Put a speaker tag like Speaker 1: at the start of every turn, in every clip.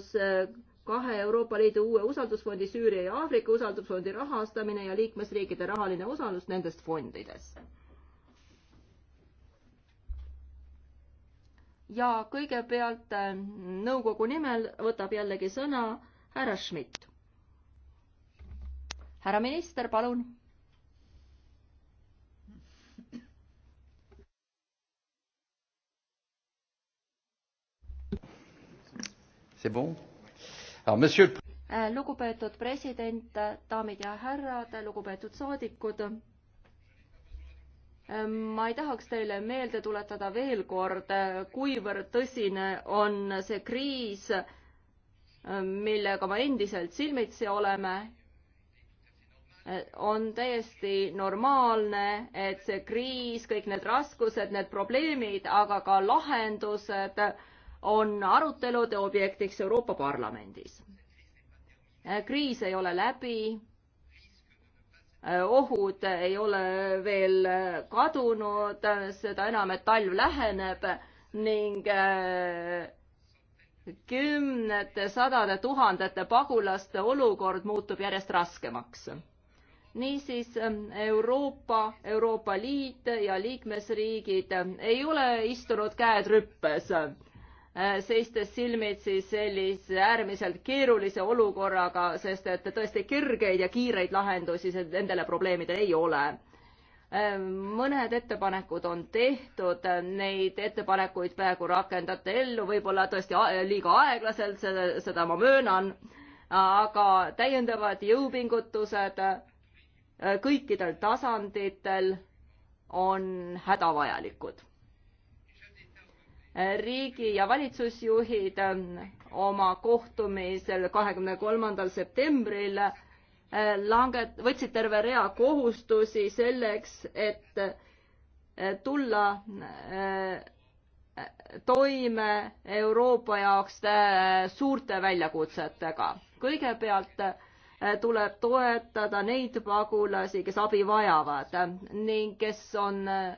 Speaker 1: küsimus äh, kahe Euroopa Liidu uue usaldusfondi Süüria ja Aafrika usaldusfondi rahastamine ja liikmesriikide rahaline osalus nendest fondides. ja kõigepealt äh, nõukogu nimel võtab jällegi sõna härra Schmidt. härra minister, palun
Speaker 2: see bon? Monsieur...
Speaker 1: Äh, lugupeetud president, daamid ja härrad, lugupeetud saadikud. Äh, ma ei tahaks teile meelde tuletada veel kord, kuivõrd tõsine on see kriis, äh, millega me endiselt silmitsi oleme. on täiesti normaalne, et see kriis, kõik need raskused, need probleemid, aga ka lahendused on arutelude objektiks Euroopa Parlamendis. kriis ei ole läbi, ohud ei ole veel kadunud, seda enam, et talv läheneb ning äh, kümnete, sadade, tuhandete pagulaste olukord muutub järjest raskemaks. niisiis äh, Euroopa, Euroopa Liit ja liikmesriigid äh, ei ole istunud käed rüppes Äh, seistes silmitsi sellise äärmiselt keerulise olukorraga, sest et tõesti kergeid ja kiireid lahendusi nendele probleemidele ei ole. Äh, mõned ettepanekud on tehtud, neid ettepanekuid praegu rakendate ellu, võib-olla tõesti liiga aeglaselt, seda ma möönan, aga täiendavad jõupingutused äh, kõikidel tasanditel on hädavajalikud riigi ja valitsusjuhid ähm, oma kohtumisel kahekümne kolmandal septembril äh, langet-, võtsid terve rea kohustusi selleks, et äh, tulla äh, toime Euroopa jaoks suurte väljakutsetega. kõigepealt tuleb toetada neid pagulasi, kes abi vajavad ning kes on äh,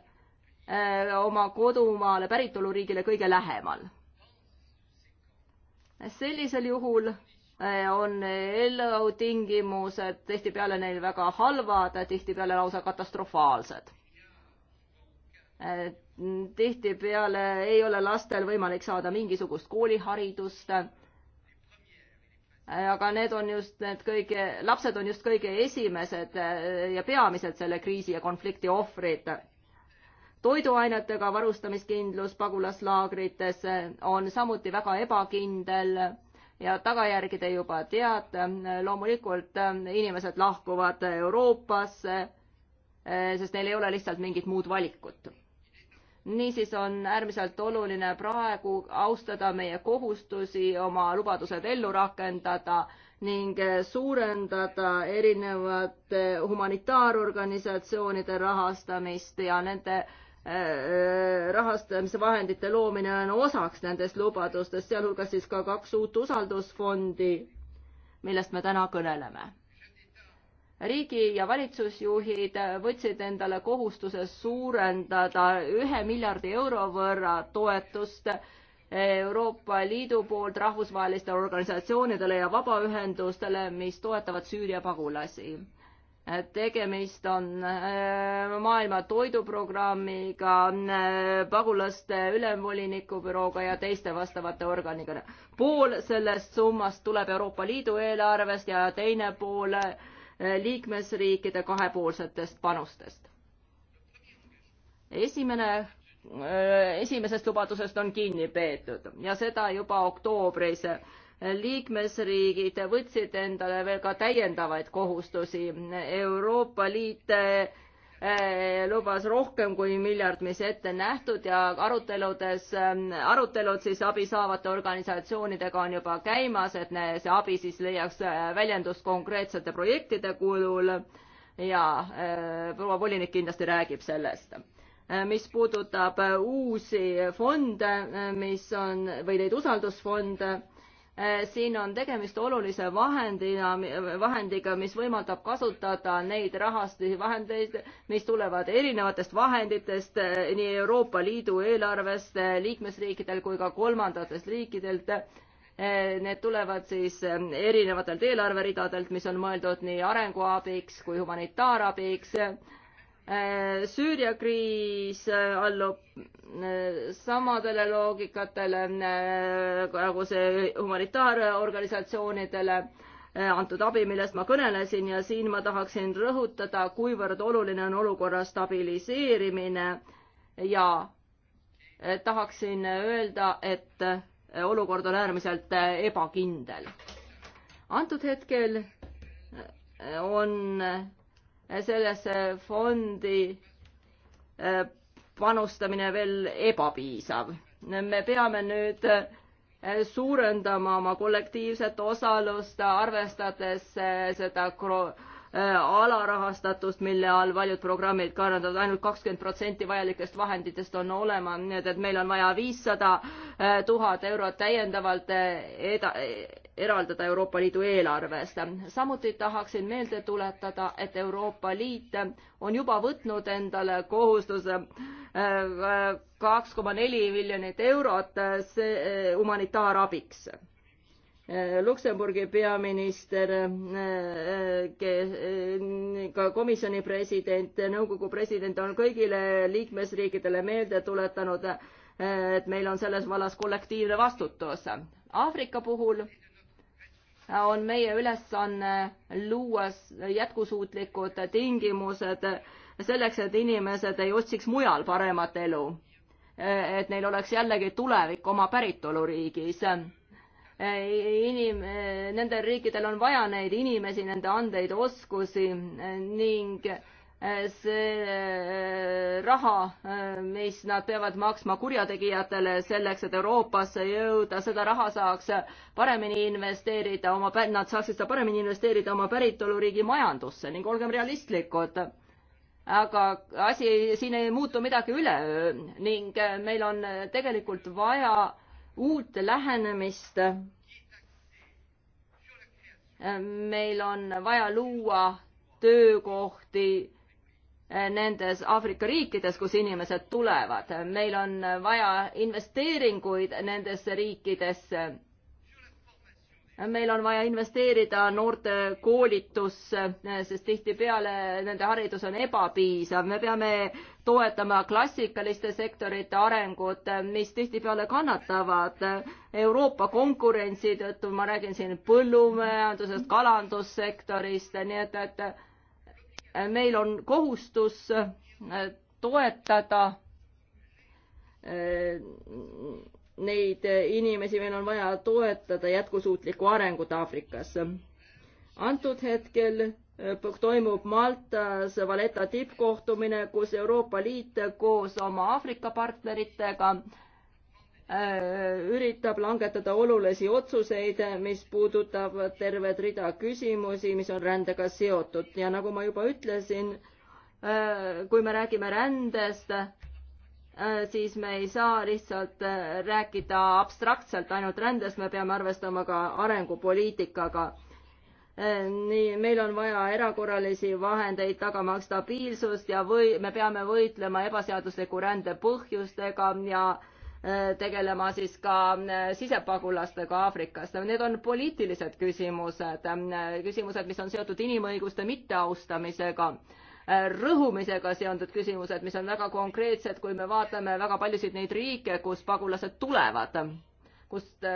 Speaker 1: Äh, oma kodumaale, päritoluriigile kõige lähemal. sellisel juhul äh, on elutingimused tihtipeale neil väga halvad, tihtipeale lausa katastrofaalsed. Äh, tihtipeale ei ole lastel võimalik saada mingisugust kooliharidust. aga need on just need kõige, lapsed on just kõige esimesed ja peamised selle kriisi ja konflikti ohvrid toiduainetega varustamiskindlus pagulaslaagrites on samuti väga ebakindel ja tagajärgi te juba teate. loomulikult äh, inimesed lahkuvad Euroopasse, äh, sest neil ei ole lihtsalt mingit muud valikut niisiis on äärmiselt oluline praegu austada meie kohustusi, oma lubadused ellu rakendada ning äh, suurendada erinevate humanitaarorganisatsioonide rahastamist ja nende Äh, rahastamise vahendite loomine on osaks nendest lubadustest, sealhulgas siis ka kaks uut usaldusfondi, millest me täna kõneleme. riigi ja valitsusjuhid võtsid endale kohustuse suurendada ühe miljardi euro võrra toetust Euroopa Liidu poolt rahvusvahelistele organisatsioonidele ja vabaühendustele, mis toetavad Süüria pagulasi tegemist on äh, maailma toiduprogrammiga, äh, pagulaste ülemvoliniku bürooga ja teiste vastavate organiga. pool sellest summast tuleb Euroopa Liidu eelarvest ja teine pool äh, liikmesriikide kahepoolsetest panustest. esimene, esimesest lubadusest on kinni peetud ja seda juba oktoobris liikmesriigid võtsid endale veel ka täiendavaid kohustusi. Euroopa Liit eh, lubas rohkem kui miljard, mis ette nähtud ja aruteludes, eh, arutelud siis abi saavate organisatsioonidega on juba käimas, et see abi siis leiaks eh, väljendust konkreetsete projektide kulul ja proua volinik kindlasti räägib sellest mis puudutab uusi fonde, mis on, või neid usaldusfonde, Äh, siin on tegemist olulise vahendina, vahendiga, mis võimaldab kasutada neid rahastusi, vahendeid, mis tulevad erinevatest vahenditest, äh, nii Euroopa Liidu eelarvest, äh, liikmesriikidel kui ka kolmandatest riikidelt. Need tulevad siis ähm, erinevatelt eelarveridadelt, mis on mõeldud nii arenguabiks kui humanitaarabiks Äh, Süüria kriis äh, allub äh, samadele loogikatele nagu see humanitaarorganisatsioonidele antud abi, millest ma kõnelesin ja siin ma tahaksin rõhutada, kuivõrd oluline on olukorra stabiliseerimine ja tahaksin öelda, et olukord on äärmiselt ebakindel. antud hetkel on sellesse fondi äh, panustamine veel ebapiisav. me peame nüüd äh, suurendama oma kollektiivset osalust, arvestades äh, seda alarahastatust, mille all paljud programmid kannatavad ainult, ainult kakskümmend protsenti vajalikest vahenditest on olema, nii et, et meil on vaja viissada tuhat eurot täiendavalt eda-, eraldada Euroopa Liidu eelarvest. samuti tahaksin meelde tuletada, et Euroopa Liit on juba võtnud endale kohustuse äh, kaks koma neli miljonit eurot see äh, humanitaarabiks. Äh, Luksemburgi peaminister, ka komisjoni president, nõukogu president on kõigile liikmesriikidele meelde tuletanud, et meil on selles vallas kollektiivne vastutus. Aafrika puhul on meie ülesanne luua jätkusuutlikud tingimused selleks, et inimesed ei otsiks mujal paremat elu. et neil oleks jällegi tulevik oma päritoluriigis. Inim-, nendel riikidel on vaja neid inimesi, nende andeid, oskusi ning see eh, raha, eh, mis nad peavad maksma kurjategijatele selleks, et Euroopasse jõuda, seda raha saaks paremini investeerida oma, nad saaksid seda paremini investeerida oma päritoluriigi majandusse ning olgem realistlikud, aga asi, siin ei muutu midagi üleöö ning eh, meil on tegelikult vaja uut lähenemist meil on vaja luua töökohti Äh, nendes Aafrika riikides, kus inimesed tulevad. meil on vaja investeeringuid nendesse riikidesse. meil on vaja investeerida noorte koolitusse, sest tihtipeale nende haridus on ebapiisav. me peame toetama klassikaliste sektorite arengut, mis tihtipeale kannatavad Euroopa konkurentsi tõttu. ma räägin siin põllumajandusest, kalandussektorist, nii et, et meil on kohustus äh, toetada äh, neid inimesi, meil on vaja toetada jätkusuutlikku arengut Aafrikas. antud hetkel äh, toimub Maltas Valeta tippkohtumine, kus Euroopa Liit koos oma Aafrika partneritega äh, Äh, üritab langetada olulisi otsuseid, mis puudutavad terved rida küsimusi, mis on rändega seotud ja nagu ma juba ütlesin, äh, kui me räägime rändest, äh, siis me ei saa lihtsalt rääkida abstraktselt ainult rändest, me peame arvestama ka arengupoliitikaga. nii, meil on vaja erakorralisi vahendeid tagamaks stabiilsust ja või me peame võitlema ebaseadusliku rände põhjustega ja äh, tegelema siis ka äh, sisepagulastega Aafrikast. Need on poliitilised küsimused, äh, küsimused, mis on seotud inimõiguste mitteaustamisega äh, rõhumisega seonduvad küsimused, mis on väga konkreetsed, kui me vaatame väga paljusid neid riike, kust pagulased tulevad, kust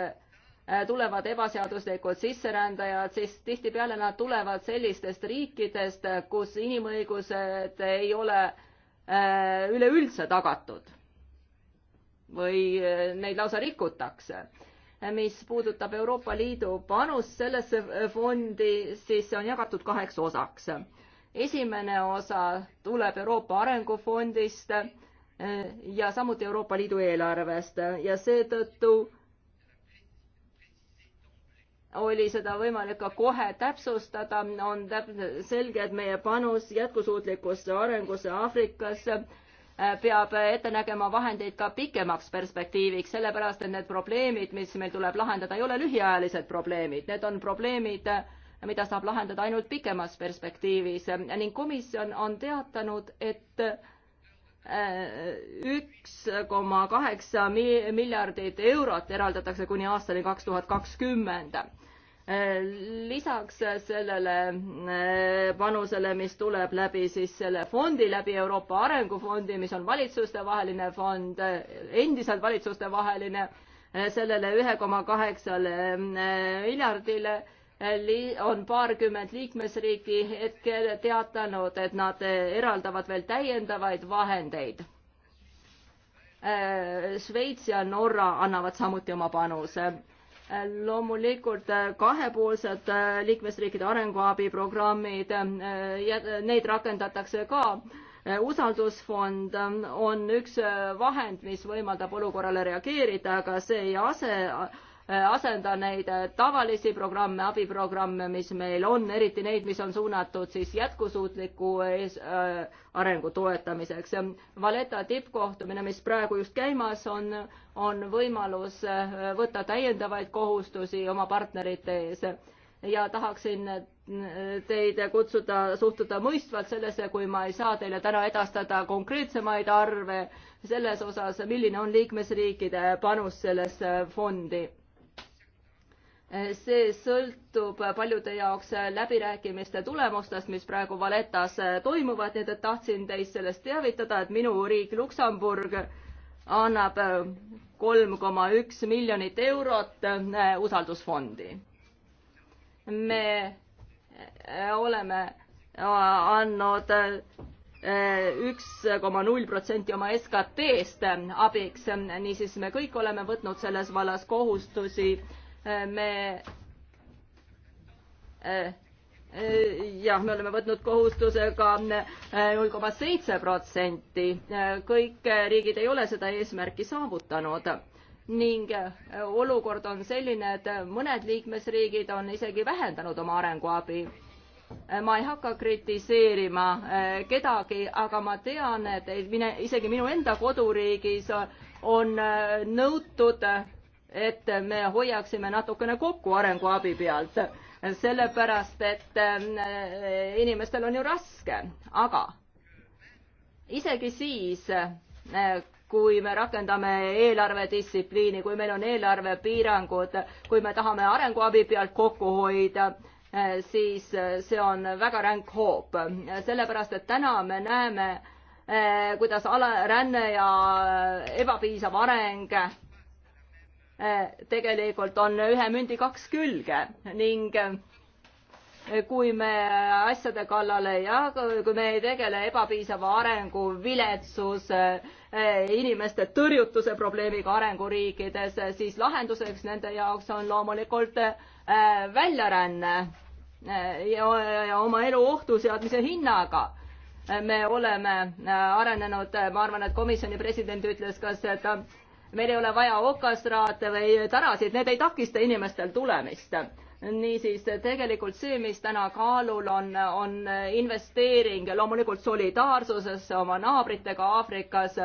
Speaker 1: tulevad ebaseaduslikud sisserändajad, siis tihtipeale nad tulevad sellistest riikidest, kus inimõigused ei ole üleüldse tagatud või eh, neid lausa rikutakse. mis puudutab Euroopa Liidu panust sellesse fondi, siis see on jagatud kaheks osaks. esimene osa tuleb Euroopa Arengufondist eh, ja samuti Euroopa Liidu eelarvest ja seetõttu oli seda võimalik ka kohe täpsustada, on täp-, selge, et meie panus jätkusuutlikkusse arengusse Aafrikasse Äh, peab ette nägema vahendeid ka pikemaks perspektiiviks, sellepärast et need probleemid, mis meil tuleb lahendada, ei ole lühiajalised probleemid, need on probleemid, mida saab lahendada ainult pikemas perspektiivis ning komisjon on teatanud, et äh, üks koma kaheksa miljardit eurot eraldatakse kuni aastani kaks tuhat kakskümmend lisaks sellele eh, panusele, mis tuleb läbi siis selle fondi, läbi Euroopa Arengufondi, mis on valitsustevaheline fond, eh, endiselt valitsustevaheline, eh, sellele ühe koma kaheksale miljardile on paarkümmend liikmesriiki hetkel teatanud, et nad eraldavad veel täiendavaid vahendeid. Šveits ja Norra annavad samuti oma panuse loomulikult äh, kahepoolsed äh, liikmesriikide arenguabiprogrammid, äh, neid rakendatakse ka. usaldusfond on üks vahend, mis võimaldab olukorrale reageerida, aga see ei ase, Äh, asenda neid äh, tavalisi programme, abiprogramme, mis meil on, eriti neid, mis on suunatud siis jätkusuutliku ees, äh, äh, arengu toetamiseks. Valeta tippkohtumine, mis praegu just käimas on, on võimalus võtta täiendavaid kohustusi oma partnerite ees ja tahaksin teid kutsuda, suhtuda mõistvalt sellesse, kui ma ei saa teile täna edastada konkreetsemaid arve selles osas, milline on liikmesriikide panus sellesse fondi Eh, see sõltub paljude jaoks eh, läbirääkimiste tulemustest, mis praegu Valetas eh, toimuvad, nii et tahtsin teid sellest teavitada, et minu riik Luksemburg annab kolm koma üks miljonit eurot usaldusfondi. me oleme andnud üks koma null protsenti oma SKT-st abiks, niisiis me kõik oleme võtnud selles vallas kohustusi me eh, eh, jah, me oleme võtnud kohustuse ka eh, null koma seitse protsenti. kõik riigid ei ole seda eesmärki saavutanud ning olukord on selline, et mõned liikmesriigid on isegi vähendanud oma arenguabi. ma ei hakka kritiseerima kedagi, aga ma tean, et mine, isegi minu enda koduriigis on nõutud et me hoiaksime natukene kokku arenguabi pealt, sellepärast et eh, inimestel on ju raske, aga isegi siis, eh, kui me rakendame eelarvedistsipliini, kui meil on eelarvepiirangud, kui me tahame arenguabi pealt kokku hoida, eh, siis see on väga ränk hoop, sellepärast et täna me näeme, kuidas ala, ränne ja ebapiisav areng tegelikult on ühe mündi kaks külge ning eh, kui me asjade kallale ja kui me ei tegele ebapiisava arengu, viletsuse, eh, inimeste tõrjutuse probleemiga arenguriikides, siis lahenduseks nende jaoks on loomulikult eh, väljaränne ja, ja oma elu ohtu seadmise hinnaga me oleme arenenud, ma arvan, et komisjoni president ütles ka seda, et meil ei ole vaja okasraate või tarasid, need ei takista inimestel tulemist. niisiis tegelikult see, mis täna kaalul on, on investeering loomulikult solidaarsusesse oma naabritega Aafrikas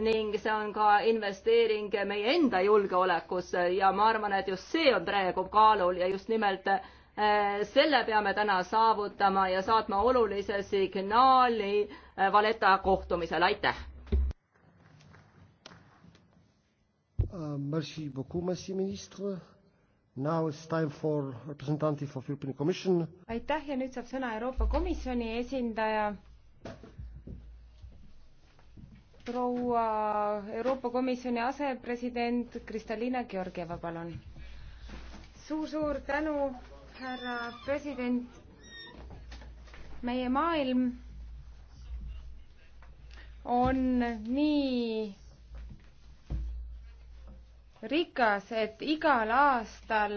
Speaker 1: ning see on ka investeering meie enda julgeolekusse ja ma arvan, et just see on praegu kaalul ja just nimelt eh, selle peame täna saavutama ja saatma olulise signaali eh, Valeta kohtumisel, aitäh!
Speaker 2: Uh, merci beaucoup, merci ministre. Now it's time for representative of European Commission. aitäh ja nüüd saab sõna Euroopa Komisjoni esindaja. proua Euroopa Komisjoni asepresident Kristalina Georgieva, palun suur,. suur-suur tänu, härra president. meie maailm on nii rikas, et igal aastal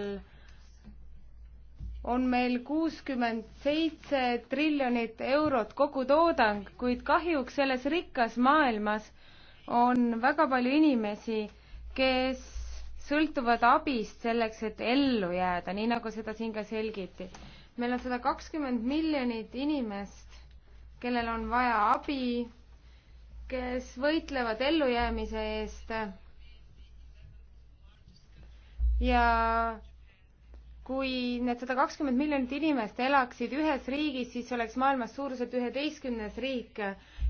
Speaker 2: on meil kuuskümmend seitse triljonit eurot kogutoodang, kuid kahjuks selles rikkas maailmas on väga palju inimesi, kes sõltuvad abist selleks, et ellu jääda, nii nagu seda siin ka selgiti. meil on sada kakskümmend miljonit inimest, kellel on vaja abi, kes võitlevad ellujäämise eest ja kui need sada kakskümmend miljonit inimest elaksid ühes riigis, siis oleks maailmas suuruselt üheteistkümnes riik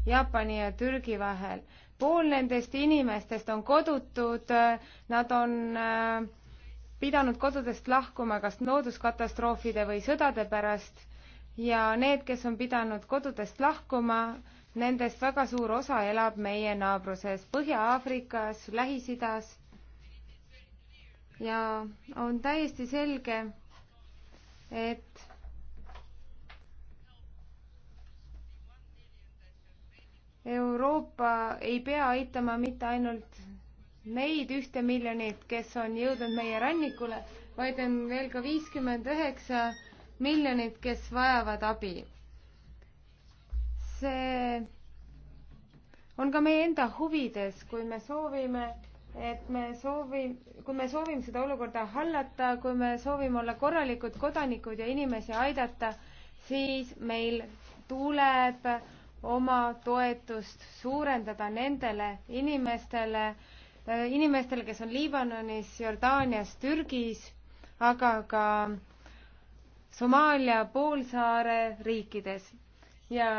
Speaker 2: Jaapani ja Türgi vahel. pool nendest inimestest on kodutud, nad on äh, pidanud kodudest lahkuma kas looduskatastroofide või sõdade pärast ja need, kes on pidanud kodudest lahkuma, nendest väga suur osa elab meie naabruses Põhja-Aafrikas, Lähis-Idas ja on täiesti selge, et Euroopa ei pea aitama mitte ainult neid ühte miljonit, kes on jõudnud meie rannikule, vaid on veel ka viiskümmend üheksa miljonit, kes vajavad abi. see on ka meie enda huvides, kui me soovime et me soovime, kui me soovime seda olukorda hallata, kui me soovime olla korralikud kodanikud ja inimesi aidata, siis meil tuleb oma toetust suurendada nendele inimestele, inimestele, kes on Liibanonis, Jordaanias, Türgis, aga ka Somaalia poolsaare riikides ja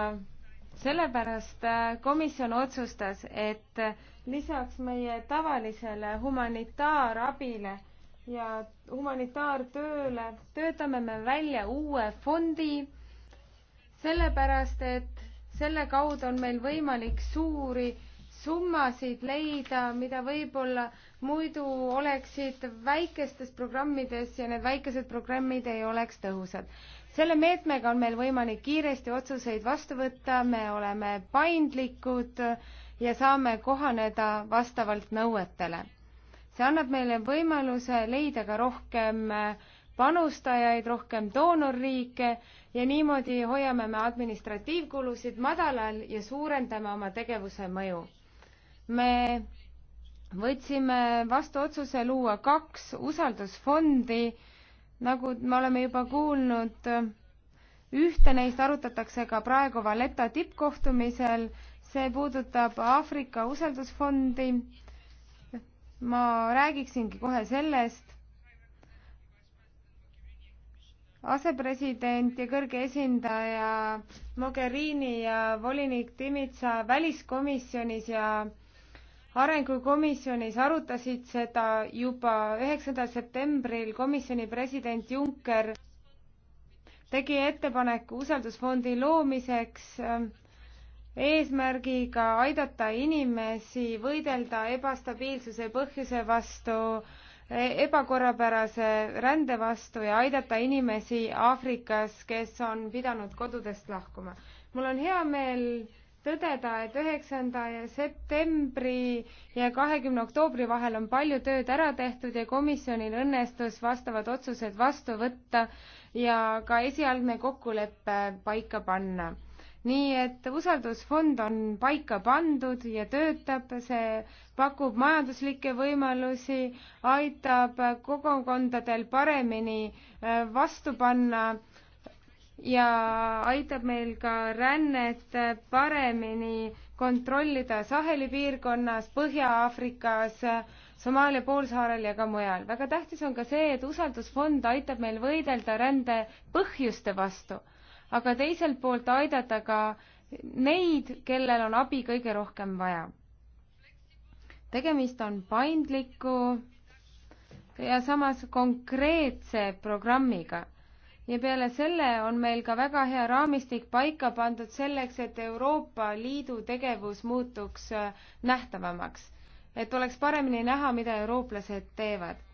Speaker 2: sellepärast äh, komisjon otsustas, et lisaks meie tavalisele humanitaarabile ja humanitaartööle töötame me välja uue fondi, sellepärast et selle kaudu on meil võimalik suuri summasid leida, mida võib-olla muidu oleksid väikestes programmides ja need väikesed programmid ei oleks tõhusad. selle meetmega on meil võimalik kiiresti otsuseid vastu võtta, me oleme paindlikud ja saame kohaneda vastavalt nõuetele. see annab meile võimaluse leida ka rohkem äh, panustajaid, rohkem doonorriike ja niimoodi hoiame me administratiivkulusid madalal ja suurendame oma tegevuse mõju. me võtsime vastu otsuse luua kaks usaldusfondi, nagu me oleme juba kuulnud, ühte neist arutatakse ka praegu Valetta tippkohtumisel see puudutab Aafrika usaldusfondi. ma räägiksingi kohe sellest. asepresident ja kõrge esindaja Mogherini ja volinik Timitsa väliskomisjonis ja arengukomisjonis arutasid seda juba üheksandal septembril komisjoni president Juncker tegi ettepaneku usaldusfondi loomiseks äh, eesmärgiga aidata inimesi võidelda ebastabiilsuse põhjuse vastu, e-, ebakorrapärase rände vastu ja aidata inimesi Aafrikas, kes on pidanud kodudest lahkuma. mul on hea meel tõdeda, et üheksanda septembri ja kahekümne oktoobri vahel on palju tööd ära tehtud ja komisjonil õnnestus vastavad otsused vastu võtta ja ka esialgne kokkulepe paika panna nii et usaldusfond on paika pandud ja töötab, see pakub majanduslikke võimalusi, aitab kogukondadel paremini äh, vastu panna ja aitab meil ka rännet paremini kontrollida Saheli piirkonnas, Põhja-Aafrikas, Somaalia poolsaarel ja ka mujal. väga tähtis on ka see, et usaldusfond aitab meil võidelda rände põhjuste vastu aga teiselt poolt aidata ka neid, kellel on abi kõige rohkem vaja. tegemist on paindliku ja samas konkreetse programmiga ja peale selle on meil ka väga hea raamistik paika pandud selleks, et Euroopa Liidu tegevus muutuks äh, nähtavamaks, et oleks paremini näha, mida eurooplased teevad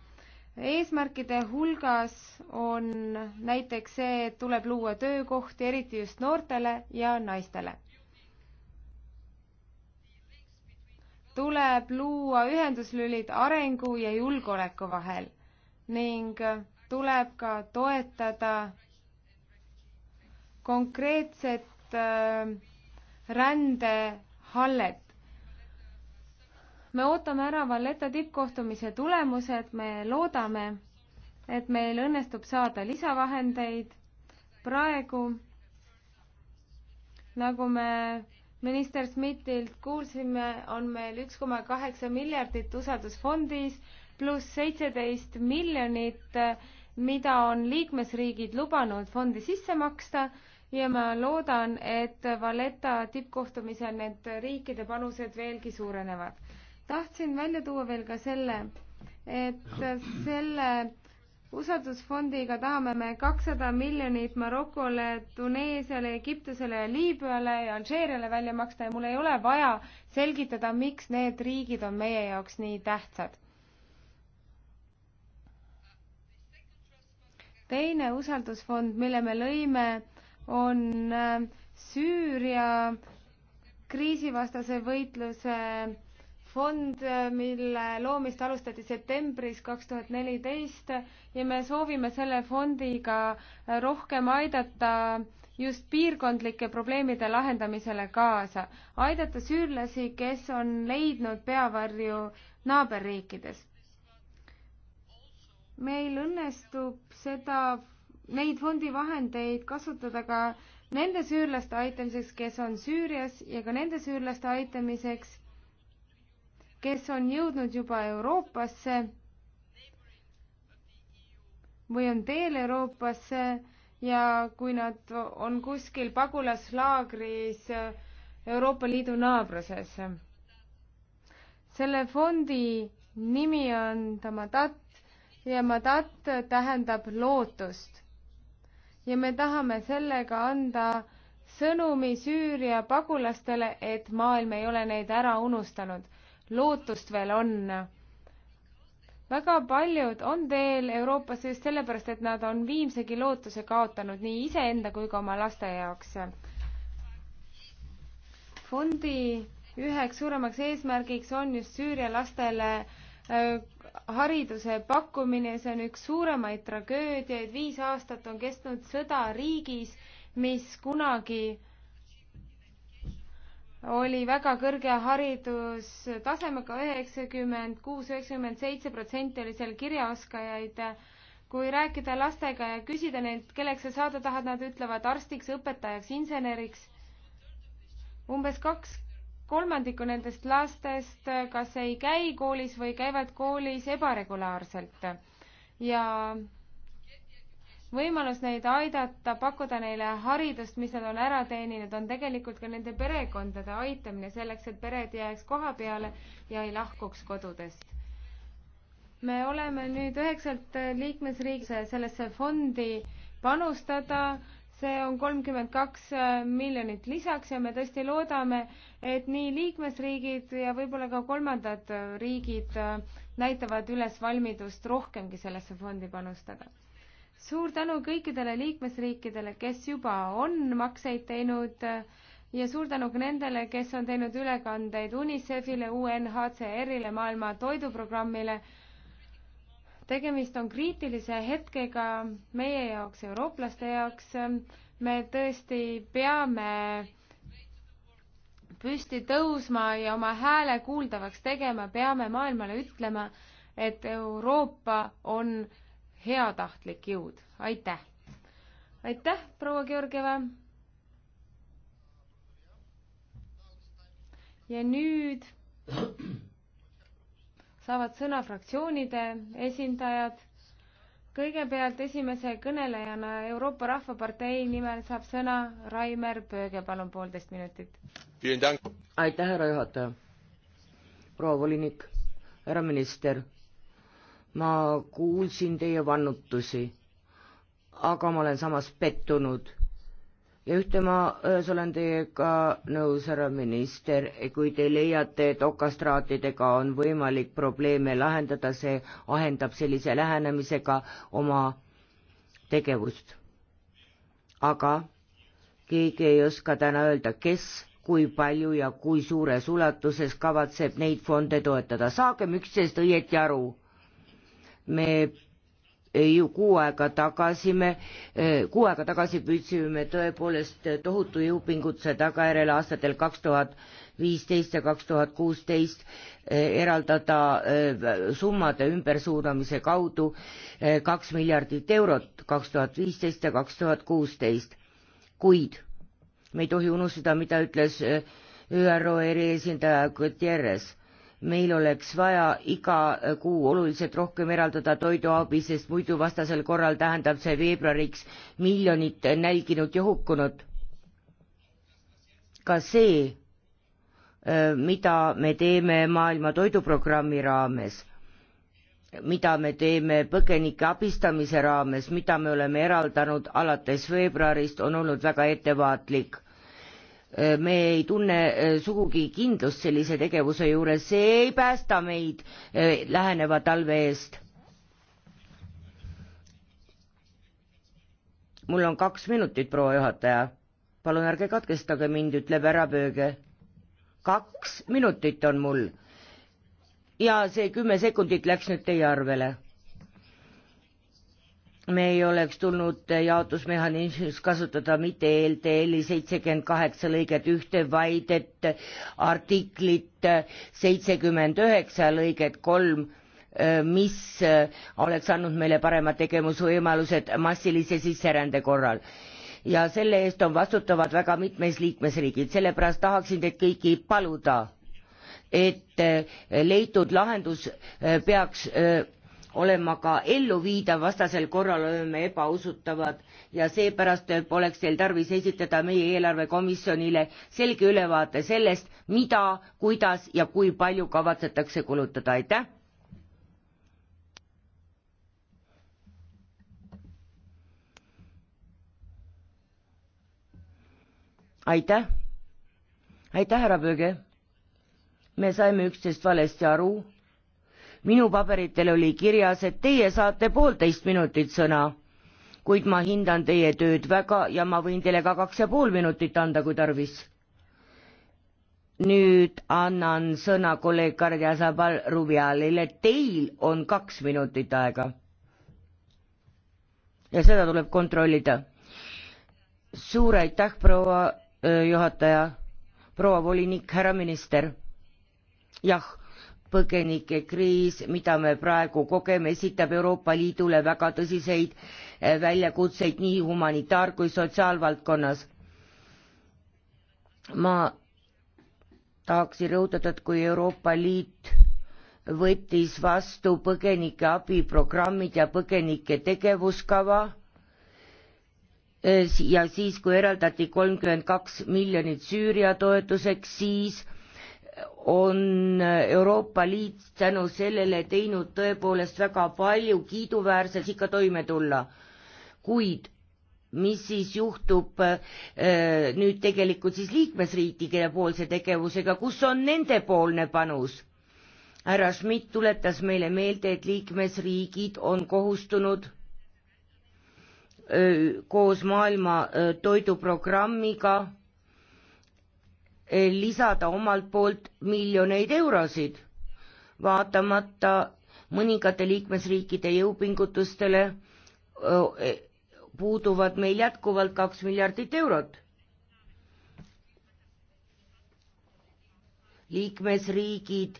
Speaker 2: eesmärkide hulgas on näiteks see, et tuleb luua töökohti, eriti just noortele ja naistele. tuleb luua ühenduslülid arengu ja julgeoleku vahel ning tuleb ka toetada konkreetset äh, rändehallet me ootame ära Valletta tippkohtumise tulemused, me loodame, et meil õnnestub saada lisavahendeid. praegu, nagu me minister Schmidtilt kuulsime, on meil üks koma kaheksa miljardit usaldusfondis pluss seitseteist miljonit, mida on liikmesriigid lubanud fondi sisse maksta ja ma loodan, et Valletta tippkohtumisel need riikide panused veelgi suurenevad tahtsin välja tuua veel ka selle, et selle usaldusfondiga tahame me kakssada miljonit Marokole, Tuneesiale, Egiptusele, Liibüale ja Alžeeriale välja maksta ja mul ei ole vaja selgitada, miks need riigid on meie jaoks nii tähtsad. teine usaldusfond, mille me lõime, on äh, Süüria kriisivastase võitluse fond, mille loomist alustati septembris kaks tuhat neliteist ja me soovime selle fondiga rohkem aidata just piirkondlike probleemide lahendamisele kaasa, aidata süürlasi, kes on leidnud peavarju naaberriikides. meil õnnestub seda, neid fondivahendeid kasutada ka nende süürlaste aitamiseks, kes on Süürias ja ka nende süürlaste aitamiseks, kes on jõudnud juba Euroopasse või on teel Euroopasse ja kui nad on kuskil pagulaslaagris Euroopa Liidu naabruses. selle fondi nimi on Tamatat ja Madat tähendab lootust. ja me tahame sellega anda sõnumi Süüria pagulastele, et maailm ei ole neid ära unustanud lootust veel on. väga paljud on teel Euroopasse just sellepärast, et nad on viimsegi lootuse kaotanud nii iseenda kui ka oma laste jaoks. fondi üheks suuremaks eesmärgiks on just Süüria lastele äh, hariduse pakkumine, see on üks suuremaid tragöödiaid, viis aastat on kestnud sõda riigis, mis kunagi äh, oli väga kõrge haridustasemega, üheksakümmend kuus, üheksakümmend seitse protsenti oli seal kirjaoskajaid. kui rääkida lastega ja küsida neilt, kelleks sa saada tahad, nad ütlevad arstiks, õpetajaks, inseneriks. umbes kaks kolmandikku nendest lastest kas ei käi koolis või käivad koolis ebaregulaarselt ja võimalus neid aidata, pakkuda neile haridust, mis nad on ära teeninud, on tegelikult ka nende perekondade aitamine selleks, et pered jääks koha peale ja ei lahkuks kodudest. me oleme nüüd üheksalt liikmesriigiks sellesse fondi panustada, see on kolmkümmend kaks miljonit lisaks ja me tõesti loodame, et nii liikmesriigid ja võib-olla ka kolmandad riigid näitavad üles valmidust rohkemgi sellesse fondi panustada suur tänu kõikidele liikmesriikidele, kes juba on makseid teinud ja suur tänu ka nendele, kes on teinud ülekandeid UNICEF-ile, UNHCR-ile, Maailma Toiduprogrammile. tegemist on kriitilise hetkega meie jaoks, eurooplaste jaoks. me tõesti peame püsti tõusma ja oma hääle kuuldavaks tegema, peame maailmale ütlema, et Euroopa on heatahtlik jõud, aitäh! aitäh, proua Georgieva! ja nüüd saavad sõna fraktsioonide esindajad. kõigepealt esimese kõnelejana Euroopa Rahvapartei nimel saab sõna Raimer Pööge, palun poolteist minutit.
Speaker 3: aitäh, härra juhataja. proua volinik, härra minister ma kuulsin teie vannutusi, aga ma olen samas pettunud. ja ühte ma, öös olen teiega nõus, härra minister, kui te leiate, et okastraatidega on võimalik probleeme lahendada, see ahendab sellise lähenemisega oma tegevust. aga keegi ei oska täna öelda, kes kui palju ja kui suures ulatuses kavatseb neid fonde toetada, saagem üksteisest õieti aru me ju kuu aega tagasi me, eh, kuu aega tagasi püüdsime me tõepoolest tohutu jõupingutuse tagajärjel aastatel kaks tuhat viisteist ja kaks tuhat kuusteist eh, eraldada eh, summade ümbersuunamise kaudu kaks miljardit eurot kaks tuhat viisteist ja kaks tuhat kuusteist. kuid me ei tohi unustada, mida ütles ÜRO eriesindaja Gutierrez meil oleks vaja iga kuu oluliselt rohkem eraldada toiduabi, sest muidu vastasel korral tähendab see veebruariks miljonit nälginut ja hukkunut. ka see, mida me teeme Maailma Toiduprogrammi raames, mida me teeme põgenike abistamise raames, mida me oleme eraldanud alates veebruarist, on olnud väga ettevaatlik me ei tunne äh, sugugi kindlust sellise tegevuse juures, see ei päästa meid äh, läheneva talve eest. mul on kaks minutit, proua juhataja. palun ärge katkestage mind, ütleb härra Pööge. kaks minutit on mul. ja see kümme sekundit läks nüüd teie arvele me ei oleks tulnud jaotusmehhanismis kasutada mitte e LTL-i seitsekümmend kaheksa lõiget ühte, vaid et artiklit seitsekümmend üheksa lõiget kolm, mis oleks andnud meile paremad tegevusvõimalused massilise sisserände korral ja selle eest on vastutavad väga mitmes liikmesriigid, sellepärast tahaksin teid kõiki paluda, et leitud lahendus peaks olema ka elluviidav, vastasel korral oleme ebausutavad ja seepärast poleks teil tarvis esitada meie eelarvekomisjonile selge ülevaate sellest, mida, kuidas ja kui palju kavatsetakse kulutada, aitäh! aitäh, aitäh, härra Pööge! me saime üksteist valesti aru minu paberitel oli kirjas, et teie saate poolteist minutit sõna. kuid ma hindan teie tööd väga ja ma võin teile ka kaks ja pool minutit anda, kui tarvis. nüüd annan sõna kolleeg Karja Sabal Rubialile, teil on kaks minutit aega. ja seda tuleb kontrollida. suur aitäh, proua äh, juhataja, proua volinik, härra minister. jah põgenikekriis, mida me praegu kogeme, esitab Euroopa Liidule väga tõsiseid eh, väljakutseid nii humanitaar- kui sotsiaalvaldkonnas. ma tahaksin rõhutada, et kui Euroopa Liit võttis vastu põgenike abiprogrammid ja põgenike tegevuskava eh, ja siis, kui eraldati kolmkümmend kaks miljonit Süüria toetuseks, siis on Euroopa Liit tänu sellele teinud tõepoolest väga palju kiiduväärselt ikka toime tulla. kuid mis siis juhtub öö, äh, nüüd tegelikult siis liikmesriikide poolse tegevusega, kus on nendepoolne panus? härra Schmidt tuletas meile meelde, et liikmesriigid on kohustunud öö, äh, koos maailma öö, äh, toiduprogrammiga lisada omalt poolt miljoneid eurosid, vaatamata mõningate liikmesriikide jõupingutustele e, puuduvad meil jätkuvalt kaks miljardit eurot. liikmesriigid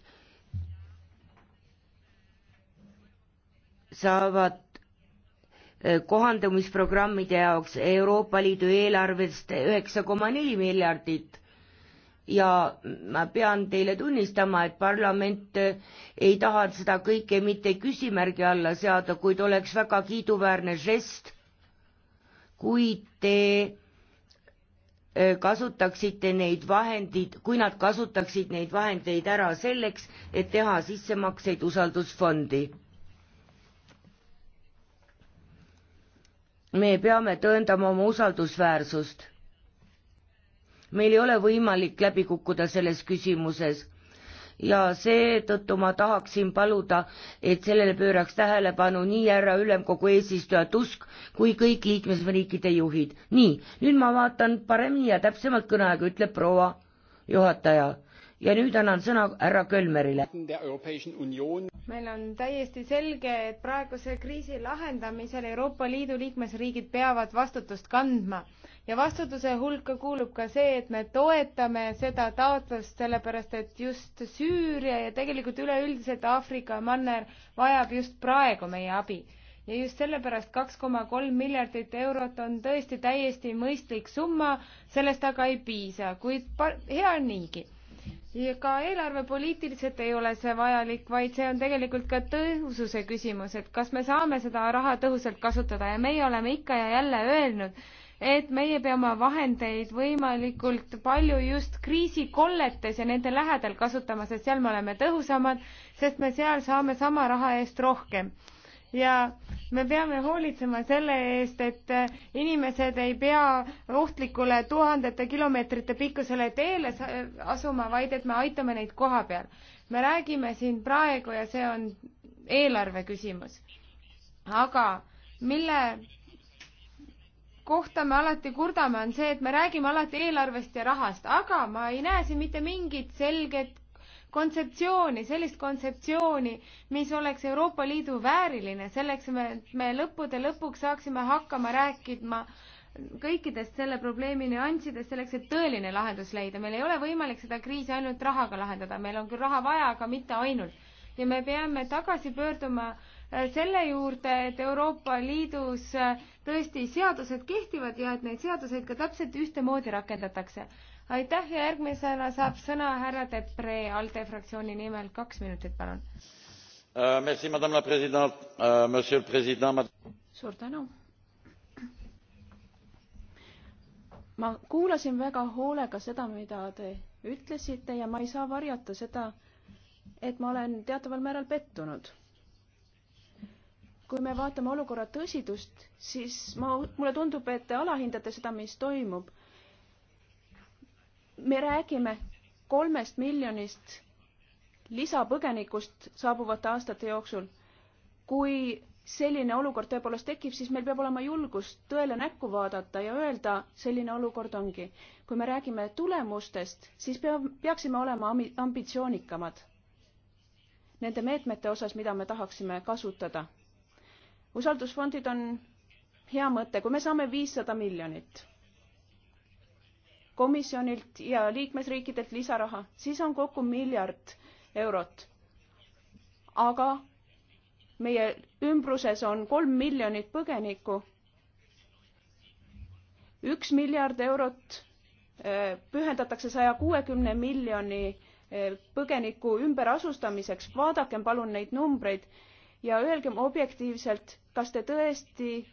Speaker 3: saavad kohandumisprogrammide jaoks Euroopa Liidu eelarvest üheksa koma neli miljardit ja ma pean teile tunnistama, et parlament ei taha seda kõike mitte küsimärgi alla seada, kuid oleks väga kiiduväärne žest, kui te äh, kasutaksite neid vahendid, kui nad kasutaksid neid vahendeid ära selleks, et teha sissemakseid usaldusfondi. me peame tõendama oma usaldusväärsust meil ei ole võimalik läbi kukkuda selles küsimuses ja seetõttu ma tahaksin paluda, et sellele pööraks tähelepanu nii härra ülemkogu eesistuja Tusk kui kõik liikmesriikide juhid. nii, nüüd ma vaatan paremini ja täpsemalt kõneaega, ütleb proua juhataja. ja nüüd annan sõna härra Kölmerile.
Speaker 2: meil on täiesti selge, et praeguse kriisi lahendamisel Euroopa Liidu liikmesriigid peavad vastutust kandma ja vastutuse hulka kuulub ka see, et me toetame seda taotlust, sellepärast et just Süüria ja tegelikult üleüldiselt Aafrika manner vajab just praegu meie abi. ja just sellepärast kaks koma kolm miljardit eurot on tõesti täiesti mõistlik summa, sellest aga ei piisa, kuid hea on niigi ja ka eelarvepoliitiliselt ei ole see vajalik, vaid see on tegelikult ka tõhususe küsimus, et kas me saame seda raha tõhusalt kasutada ja meie oleme ikka ja jälle öelnud, et meie peame vahendeid võimalikult palju just kriisikolletes ja nende lähedal kasutama, sest seal me oleme tõhusamad, sest me seal saame sama raha eest rohkem ja me peame hoolitsema selle eest, et inimesed ei pea ohtlikule tuhandete kilomeetrite pikkusele teele asuma, vaid et me aitame neid koha peal. me räägime siin praegu ja see on eelarve küsimus. aga mille kohta me alati kurdame, on see, et me räägime alati eelarvest ja rahast, aga ma ei näe siin mitte mingit selget kontseptsiooni, sellist kontseptsiooni, mis oleks Euroopa Liidu vääriline, selleks me, me lõppude lõpuks saaksime hakkama rääkima kõikidest selle probleemi nüanssidest, selleks et tõeline lahendus leida. meil ei ole võimalik seda kriisi ainult rahaga lahendada, meil on küll raha vaja, aga mitte ainult. ja me peame tagasi pöörduma äh, Äh, selle juurde, et Euroopa Liidus äh, tõesti seadused kehtivad ja et neid seaduseid ka täpselt ühtemoodi rakendatakse. aitäh ja järgmisena saab sõna härra Depre ALDE fraktsiooni nimel, kaks minutit, palun
Speaker 4: uh,. Merci, madame la president uh,, monsieur le president. suur tänu. ma kuulasin väga hoolega seda, mida te ütlesite ja ma ei saa varjata seda, et ma olen teataval määral pettunud kui me vaatame olukorra tõsidust, siis ma, mulle tundub, et te alahindate seda, mis toimub. me räägime kolmest miljonist lisapõgenikust saabuvate aastate jooksul. kui selline olukord tõepoolest tekib, siis meil peab olema julgust tõele näkku vaadata ja öelda, selline olukord ongi. kui me räägime tulemustest, siis peab, peaksime olema ambitsioonikamad nende meetmete osas, mida me tahaksime kasutada usaldusfondid on hea mõte, kui me saame viissada miljonit komisjonilt ja liikmesriikidelt lisaraha, siis on kokku miljard eurot. aga meie ümbruses on kolm miljonit põgenikku. üks miljard eurot eh, pühendatakse saja kuuekümne miljoni eh, põgeniku ümberasustamiseks, vaadakem palun neid numbreid ja öelgem objektiivselt, kas te tõesti äh,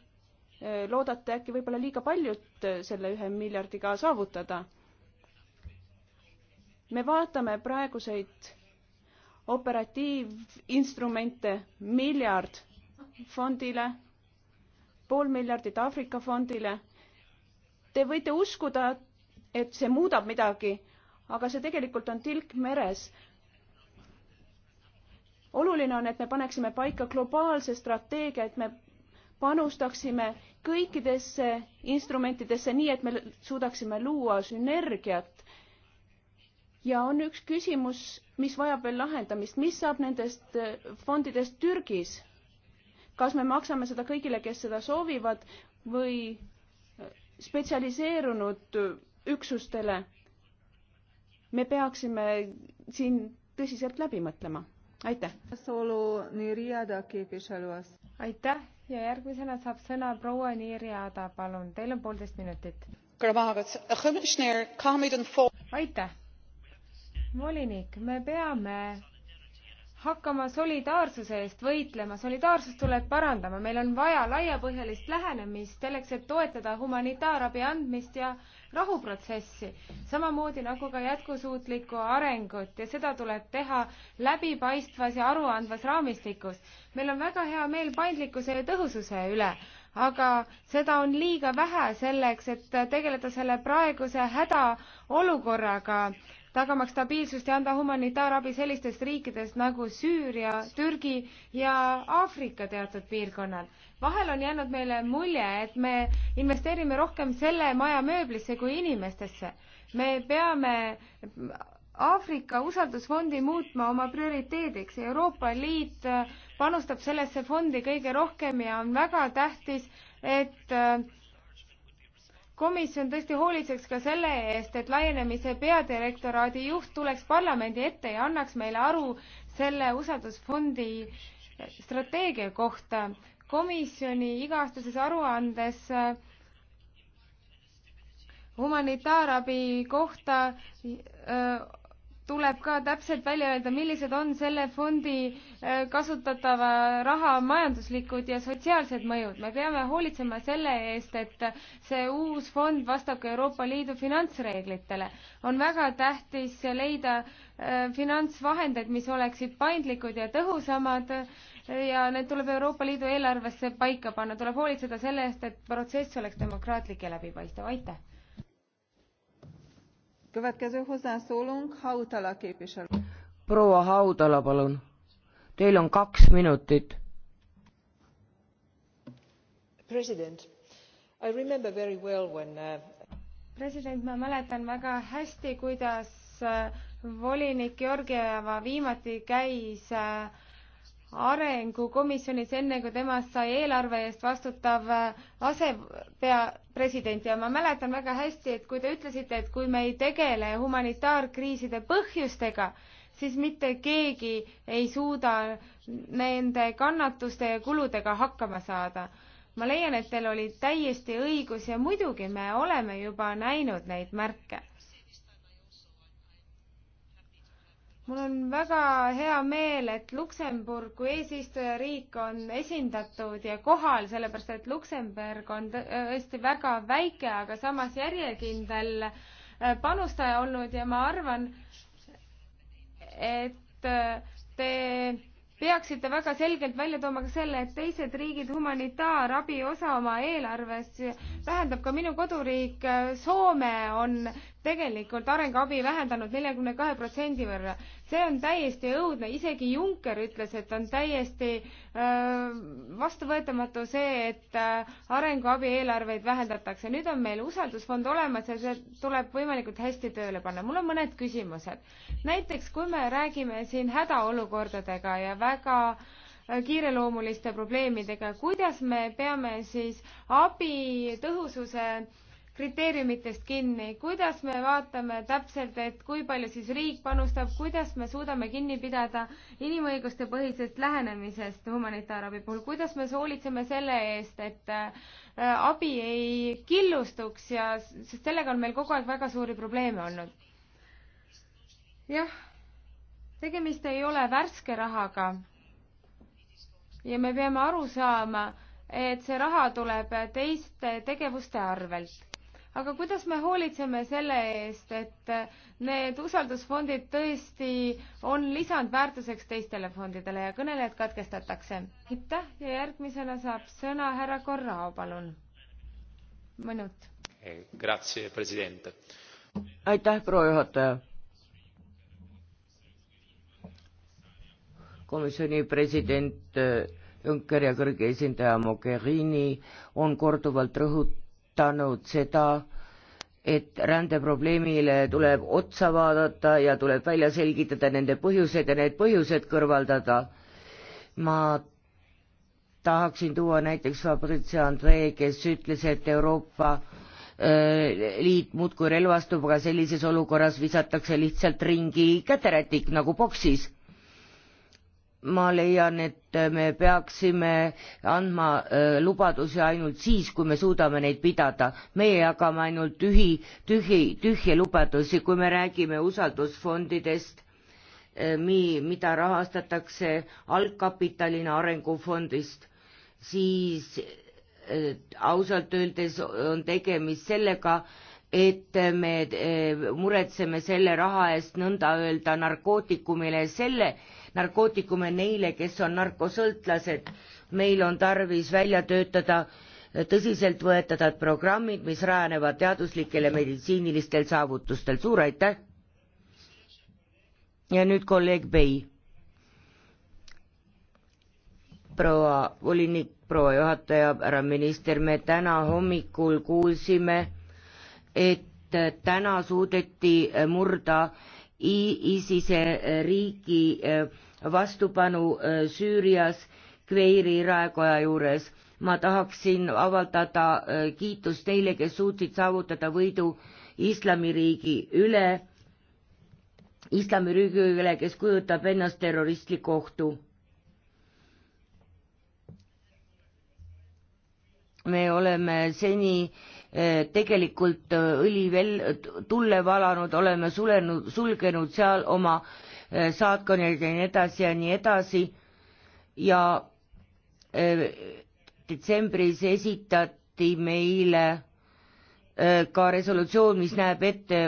Speaker 4: loodate äkki võib-olla liiga paljut äh, selle ühe miljardiga saavutada. me vaatame praeguseid operatiivinstrumente miljard fondile, pool miljardit Aafrika fondile. Te võite uskuda, et see muudab midagi, aga see tegelikult on tilk meres oluline on, et me paneksime paika globaalse strateegia, et me panustaksime kõikidesse instrumentidesse nii, et me suudaksime luua sünergiat. ja on üks küsimus, mis vajab veel lahendamist, mis saab nendest äh, fondidest Türgis? kas me maksame seda kõigile, kes seda soovivad või äh, spetsialiseerunud äh, üksustele? me peaksime siin tõsiselt läbi mõtlema aitäh! aitäh
Speaker 2: ja järgmisena saab
Speaker 4: sõna proua Niriada,
Speaker 2: palun, teil on poolteist minutit. aitäh! volinik, me peame hakkama solidaarsuse eest võitlema, solidaarsust tuleb parandama, meil on vaja laiapõhjalist lähenemist selleks, et toetada humanitaarabi andmist ja rahuprotsessi, samamoodi nagu ka jätkusuutlikku arengut ja seda tuleb teha läbipaistvas ja aruandvas raamistikus. meil on väga hea meel paindlikkuse ja tõhususe üle, aga seda on liiga vähe selleks, et tegeleda selle praeguse hädaolukorraga tagamaks stabiilsust ja anda humanitaarabi sellistes riikides nagu Süüria, Türgi ja Aafrika teatud piirkonnal. vahel on jäänud meile mulje, et me investeerime rohkem selle maja mööblisse kui inimestesse. me peame Aafrika usaldusfondi muutma oma prioriteediks. Euroopa Liit panustab sellesse fondi kõige rohkem ja on väga tähtis, et äh, komisjon tõesti hoolitseks ka selle eest, et laienemise peadirektoraadi juht tuleks parlamendi ette ja annaks meile aru selle usaldusfondi strateegia kohta. komisjoni iga-aastases aruandes äh, humanitaarabi kohta öö, äh, tuleb ka täpselt välja öelda, millised on selle fondi äh, kasutatava raha majanduslikud ja sotsiaalsed mõjud. me peame hoolitsema selle eest, et see uus fond vastab ka Euroopa Liidu finantsreeglitele. on väga tähtis leida äh, finantsvahendeid, mis oleksid paindlikud ja tõhusamad äh, ja need tuleb Euroopa Liidu eelarvesse paika panna. tuleb hoolitseda selle eest, et protsess oleks demokraatlik ja läbipaistev. aitäh!
Speaker 3: proua Haudala, palun. Teil on kaks minutit.
Speaker 1: president,
Speaker 2: well when... Uh, president, ma mäletan väga hästi, kuidas äh, volinik Georgieva viimati käis äh, arengukomisjonis, enne kui temast sai eelarve eest vastutav äh, asepeapresident ja ma mäletan väga hästi, et kui te ütlesite, et kui me ei tegele humanitaarkriiside põhjustega, siis mitte keegi ei suuda nende kannatuste ja kuludega hakkama saada. ma leian, et teil oli täiesti õigus ja muidugi me oleme juba näinud neid märke. mul on väga hea meel, et Luksemburg kui eesistujariik on esindatud ja kohal, sellepärast et Luksemburg on tõesti väga väike, aga samas järjekindel äh, panustaja olnud ja ma arvan, et äh, te peaksite väga selgelt välja tooma ka selle, et teised riigid humanitaarabi osa oma eelarves, tähendab ka minu koduriik äh, Soome on tegelikult arenguabi vähendanud neljakümne kahe protsendi võrra. see on täiesti õudne, isegi Juncker ütles, et on täiesti öö, äh, vastuvõetamatu see, et äh, arenguabi eelarveid vähendatakse. nüüd on meil usaldusfond olemas ja see tuleb võimalikult hästi tööle panna. mul on mõned küsimused. näiteks kui me räägime siin hädaolukordadega ja väga äh, kiireloomuliste probleemidega, kuidas me peame siis abi tõhususe kriteeriumitest kinni, kuidas me vaatame täpselt, et kui palju siis riik panustab, kuidas me suudame kinni pidada inimõiguste põhisest lähenemisest humanitaarabi puhul, kuidas me hoolitseme selle eest, et äh, abi ei killustuks ja, sest sellega on meil kogu aeg väga suuri probleeme olnud. jah, tegemist ei ole värske rahaga. ja me peame aru saama, et see raha tuleb teiste tegevuste arvelt aga kuidas me hoolitseme selle eest, et need usaldusfondid tõesti on lisandväärtuseks teistele fondidele ja kõnelejad katkestatakse. aitäh ja järgmisena saab sõna härra Korrao, palun. minut.
Speaker 4: Eh,
Speaker 3: aitäh, proua juhataja. komisjoni president eh, Juncker ja kõrge esindaja Mogherini on korduvalt rõhutanud, rõhutanud seda, et rändeprobleemile tuleb otsa vaadata ja tuleb välja selgitada nende põhjused ja need põhjused kõrvaldada. ma tahaksin tuua näiteks Fabrice Andree, kes ütles, et Euroopa äh, Liit muudkui relvastub, aga sellises olukorras visatakse lihtsalt ringi käterätik nagu boksis. ma leian, et me peaksime andma äh, lubadusi ainult siis, kui me suudame neid pidada. meie jagame ainult tühi, tühi, tühje lubadusi, kui me räägime usaldusfondidest, äh, mi-, mida rahastatakse algkapitalina arengufondist, siis äh, ausalt öeldes on tegemist sellega, et me muretseme selle raha eest nõnda öelda narkootikumile selle, narkootikume neile, kes on narkosõltlased. meil on tarvis välja töötada eh, tõsiseltvõetavad programmid, mis rajanevad teaduslikele meditsiinilistel saavutustel. suur aitäh! ja nüüd kolleeg Bey. proua volinik, proua juhataja, härra minister, me täna hommikul kuulsime, et täna suudeti murda ISISe eh, riigi eh, vastupanu eh, Süürias Kveiri raekoja juures. ma tahaksin avaldada kiitust neile, kes suutsid saavutada võidu islamiriigi üle, islamiriigi üle, kes kujutab ennast terroristliku ohtu. me oleme seni äh, Eh, tegelikult eh, õli veel tulle valanud, oleme sulenud, sulgenud seal oma eh, saatkonnad ja nii edasi ja nii edasi ja detsembris esitati meile ka resolutsioon, mis näeb ette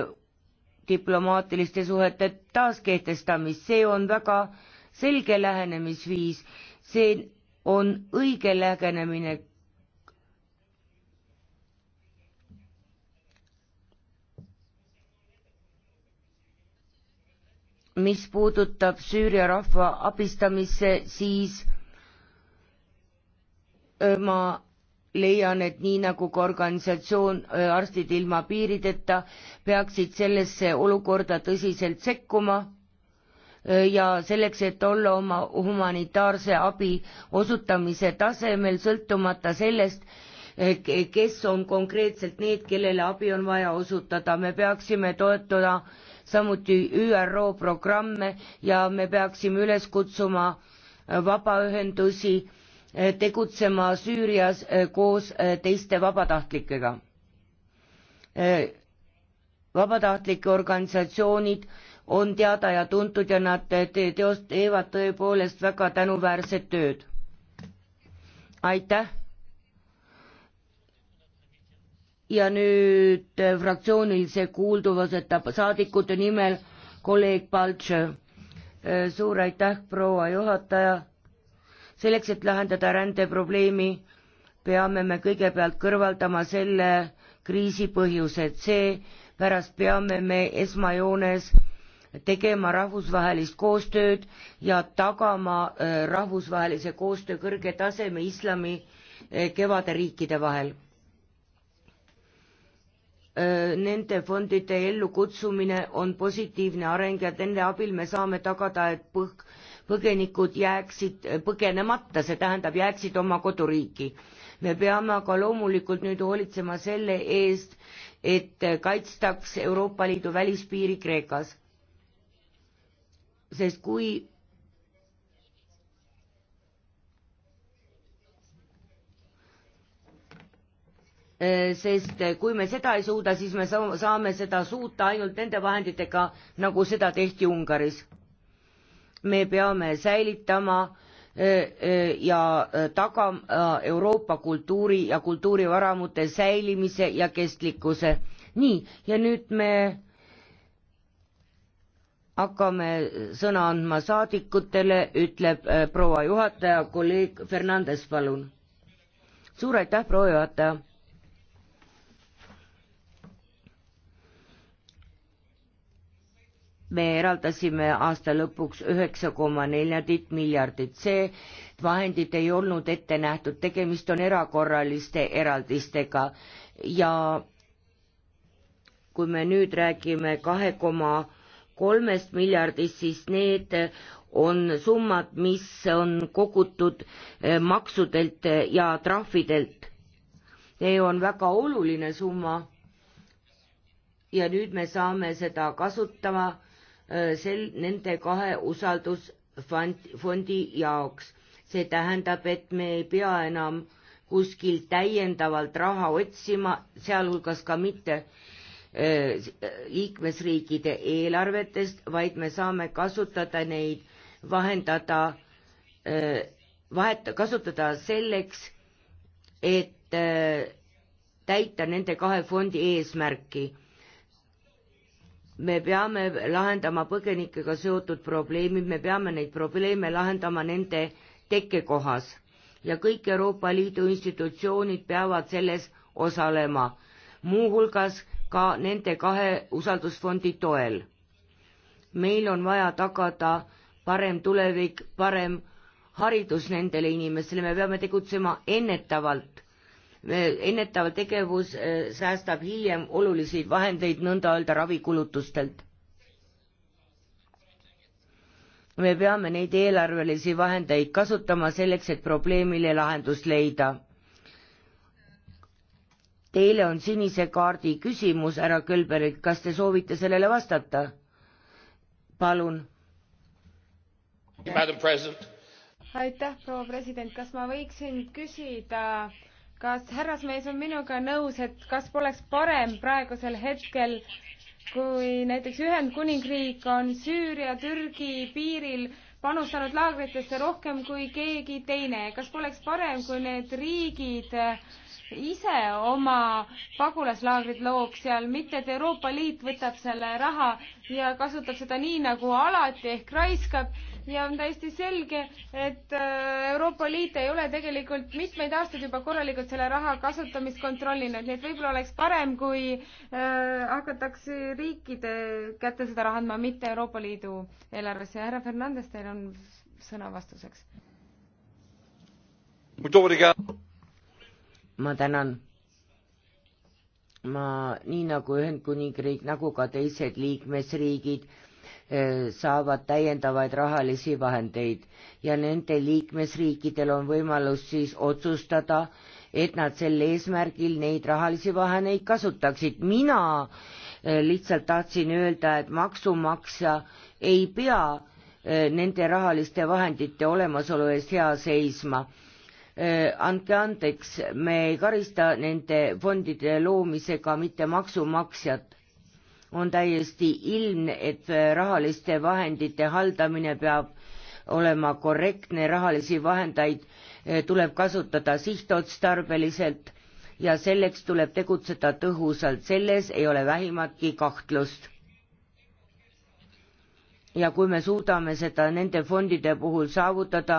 Speaker 3: diplomaatiliste suhete taaskehtestamist, see on väga selge lähenemisviis, see on õige lähenemine mis puudutab Süüria rahva abistamisse, siis ma leian, et nii nagu ka organisatsioon Arstid ilma piirideta peaksid sellesse olukorda tõsiselt sekkuma ja selleks, et olla oma humanitaarse abi osutamise tasemel, sõltumata sellest, e, kes on konkreetselt need, kellele abi on vaja osutada, me peaksime toetuma samuti ÜRO programme ja me peaksime üles kutsuma äh, vabaühendusi äh, tegutsema Süürias äh, koos teiste vabatahtlikega. vabatahtlike organisatsioonid on teada ja tuntud ja nad teost-, teevad tõepoolest väga tänuväärset tööd. aitäh ja nüüd äh, fraktsioonilise kuulduvuseta saadikute nimel kolleeg Paltšev. Äh, suur aitäh, proua juhataja. selleks, et lahendada rändeprobleemi, peame me kõigepealt kõrvaldama selle kriisi põhjused, seepärast peame me esmajoones tegema rahvusvahelist koostööd ja tagama äh, rahvusvahelise koostöö kõrge taseme islami kevade riikide vahel Äh, nende fondide ellukutsumine on positiivne areng ja nende abil me saame tagada, et põh-, põgenikud jääksid põgenemata, see tähendab, jääksid oma koduriiki. me peame aga loomulikult nüüd hoolitsema selle eest, et kaitstaks Euroopa Liidu välispiiri Kreekas. sest kui Äh, sest äh, kui me seda ei suuda, siis me saame seda suuta ainult nende vahenditega, nagu seda tehti Ungaris. me peame säilitama äh, ja tagama Euroopa kultuuri ja kultuurivaramute säilimise ja kestlikkuse. nii, ja nüüd me hakkame sõna andma saadikutele, ütleb proua juhataja, kolleeg Fernandes, palun. suur aitäh, proua juhataja me eraldasime aasta lõpuks üheksa koma neljandit miljardit, see vahendid ei olnud ette nähtud, tegemist on erakorraliste eraldistega ja kui me nüüd räägime kahe koma kolmest miljardist, siis need on summad, mis on kogutud eh, maksudelt eh, ja trahvidelt. see on väga oluline summa. ja nüüd me saame seda kasutama Äh, sel, nende kahe usaldusfondi jaoks. see tähendab, et me ei pea enam kuskilt täiendavalt raha otsima, sealhulgas ka mitte äh, liikmesriikide eelarvetest, vaid me saame kasutada neid, vahendada, äh, vahet-, kasutada selleks, et täita nende kahe fondi eesmärki me peame lahendama põgenikega seotud probleemid, me peame neid probleeme lahendama nende tekkekohas ja kõik Euroopa Liidu institutsioonid peavad selles osalema, muuhulgas ka nende kahe usaldusfondi toel. meil on vaja tagada parem tulevik, parem haridus nendele inimestele, me peame tegutsema ennetavalt Äh, ennetav tegevus äh, säästab hiljem olulisi vahendeid nõnda öelda ravikulutustelt. me peame neid eelarvelisi vahendeid kasutama selleks, et probleemile lahendust leida. Teile on sinise kaardi küsimus, härra Kõlberg, kas te soovite sellele vastata? palun.
Speaker 4: aitäh,
Speaker 2: proua president, kas ma võiksin küsida äh, kas härrasmees on minuga nõus, et kas poleks parem praegusel hetkel, kui näiteks Ühendkuningriik on Süüria-Türgi piiril panustanud laagritesse rohkem kui keegi teine, kas poleks parem, kui need riigid ise oma pagulaslaagrid looks seal, mitte et Euroopa Liit võtab selle raha ja kasutab seda nii nagu alati ehk raiskab ja on täiesti selge, et äh, Euroopa Liit ei ole tegelikult mitmeid aastaid juba korralikult selle raha kasutamist kontrollinud, nii et võib-olla oleks parem, kui äh, hakatakse riikide kätte seda raha andma, mitte Euroopa Liidu eelarvesse. härra Fernandes, teil on sõna vastuseks.
Speaker 3: ma tänan ma, nii nagu Ühendkuningriik, nagu ka teised liikmesriigid, Eh, saavad täiendavaid rahalisi vahendeid ja nende liikmesriikidel on võimalus siis otsustada, et nad sel eesmärgil neid rahalisi vahendeid kasutaksid. mina eh, lihtsalt tahtsin öelda, et maksumaksja ei pea eh, nende rahaliste vahendite olemasolu eest hea seisma. andke andeks, me ei karista nende fondide loomisega mitte maksumaksjat on täiesti ilmne, et äh, rahaliste vahendite haldamine peab olema korrektne, rahalisi vahendeid äh, tuleb kasutada sihtotstarbeliselt ja selleks tuleb tegutseda tõhusalt, selles ei ole vähimatki kahtlust. ja kui me suudame seda nende fondide puhul saavutada,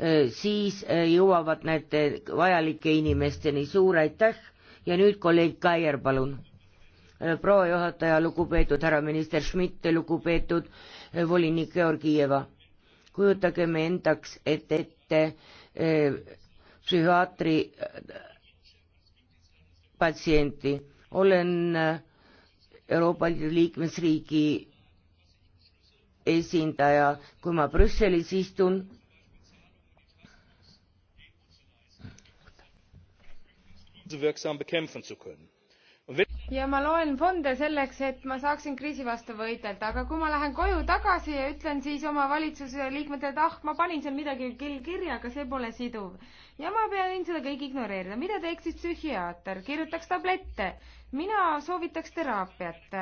Speaker 3: äh, siis jõuavad need vajalike inimesteni, suur aitäh ja nüüd kolleeg Kaier, palun Äh, proua juhataja, lugupeetud härra minister Schmidt, lugupeetud äh, volinik Georgieva. kujutagem endaks, et ette äh, psühhiaatri patsienti, olen Euroopa Liidu liikmesriigi esindaja, kui ma Brüsselis istun,
Speaker 1: wirksam bekämpfen zu
Speaker 2: können ja ma loen fonde selleks, et ma saaksin kriisi vastu võidelda, aga kui ma lähen koju tagasi ja ütlen siis oma valitsuse liikmetele, et ah, ma panin seal midagi kirja, aga see pole siduv. ja ma pean seda kõik ignoreerida. mida teeks siis psühhiaater? kirjutaks tablette. mina soovitaks teraapiat.